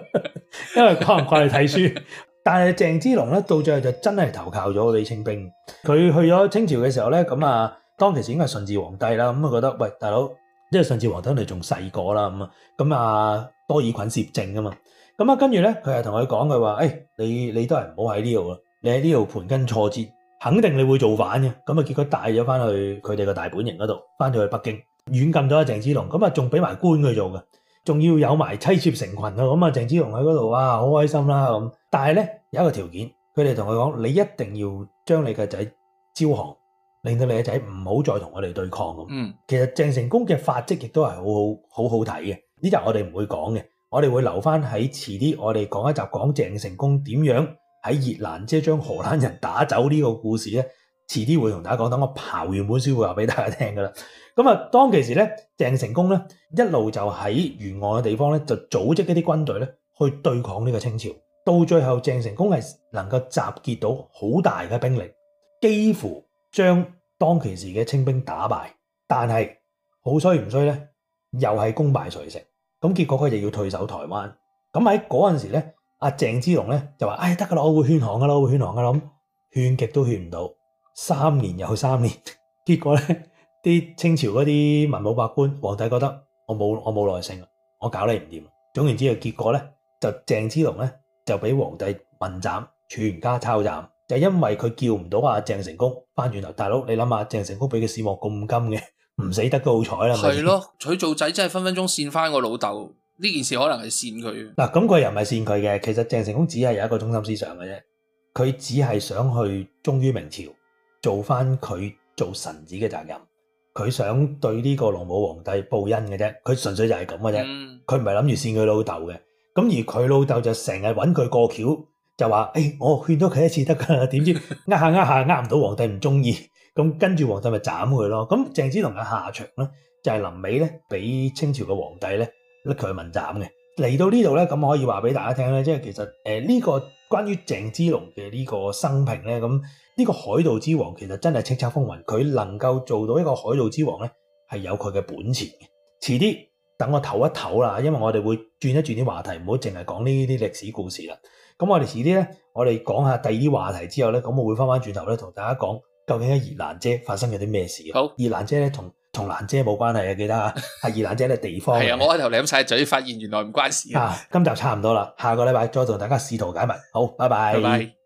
因為怪唔怪去睇書？ 但係鄭芝龍咧，到最後就真係投靠咗李清兵。佢去咗清朝嘅時候咧，咁啊當其時應該係順治皇帝啦，咁啊覺得喂，大佬，因為順治皇帝嗰陣仲細個啦，咁啊咁啊多爾衮攝政啊嘛，咁啊跟住咧佢係同佢講佢話，誒、哎、你你都係唔好喺呢度啦，你喺呢度盤根錯節。肯定你會造反嘅，咁啊結果帶咗翻去佢哋個大本營嗰度，翻咗去北京，軟禁咗阿鄭芝龍，咁啊仲俾埋官去做嘅，仲要有埋妻妾成群咯，咁啊鄭芝龍喺嗰度哇好開心啦、啊、咁，但係咧有一個條件，佢哋同佢講，你一定要將你嘅仔招降，令到你嘅仔唔好再同我哋對抗咁。嗯，其實鄭成功嘅法跡亦都係好好好好睇嘅，呢集我哋唔會講嘅，我哋會留翻喺遲啲，我哋講一集講鄭成功點樣。喺熱蘭遮將荷蘭人打走呢個故事咧，遲啲會同大家講。等我刨完本書會話俾大家聽噶啦。咁啊，當其時咧，鄭成功咧一路就喺沿岸嘅地方咧，就組織一啲軍隊咧去對抗呢個清朝。到最後，鄭成功係能夠集結到好大嘅兵力，幾乎將當其時嘅清兵打敗。但係好衰唔衰咧，又係功敗垂成。咁結果佢就要退守台灣。咁喺嗰陣時咧。阿鄭芝龍咧就話：，唉、哎，得噶啦，我會勸降噶啦，我會勸降噶啦，咁勸極都勸唔到，三年又三年，結果咧啲清朝嗰啲文武百官，皇帝覺得我冇我冇耐性啊，我搞你唔掂。總言之嘅結果咧，就鄭芝龍咧就俾皇帝問斬，全家抄斬，就是、因為佢叫唔到阿鄭成功翻轉頭。大佬，你諗下，鄭成功俾佢視幕咁金嘅，唔死得都好彩啦。係咯，佢做仔真係分分鐘扇翻個老豆。呢件事可能係扇佢嗱，咁佢又唔係扇佢嘅，其實鄭成功只係有一個中心思想嘅啫，佢只係想去忠於明朝，做翻佢做臣子嘅責任，佢想對呢個隆武皇帝報恩嘅啫，佢純粹就係咁嘅啫，佢唔係諗住扇佢老豆嘅，咁而佢老豆就成日揾佢過橋，就話，誒、哎，我勸到佢一次得㗎啦，點知呃 下呃下呃唔到皇帝唔中意，咁跟住皇帝咪斬佢咯。咁鄭芝龍嘅下場咧，就係、是、臨尾咧，俾清朝嘅皇帝咧。佢去問斬嘅，嚟到呢度咧，咁可以話俾大家聽咧，即係其實誒呢個關於鄭芝龍嘅呢個生平咧，咁呢個海盜之王其實真係叱咤風雲，佢能夠做到一個海盜之王咧，係有佢嘅本錢嘅。遲啲等我唞一唞啦，因為我哋會轉一轉啲話題，唔好淨係講呢啲歷史故事啦。咁我哋遲啲咧，我哋講下第二啲話題之後咧，咁我會翻翻轉頭咧，同大家講究竟喺熱蘭遮發生咗啲咩事。好，熱蘭遮咧同。同蘭姐冇關係，記得吓、啊、係二蘭姐嘅地方的。係 啊，我開頭舐晒嘴，發現原來唔關事啊。今集差唔多啦，下個禮拜再同大家試圖解密。好，拜拜。拜拜。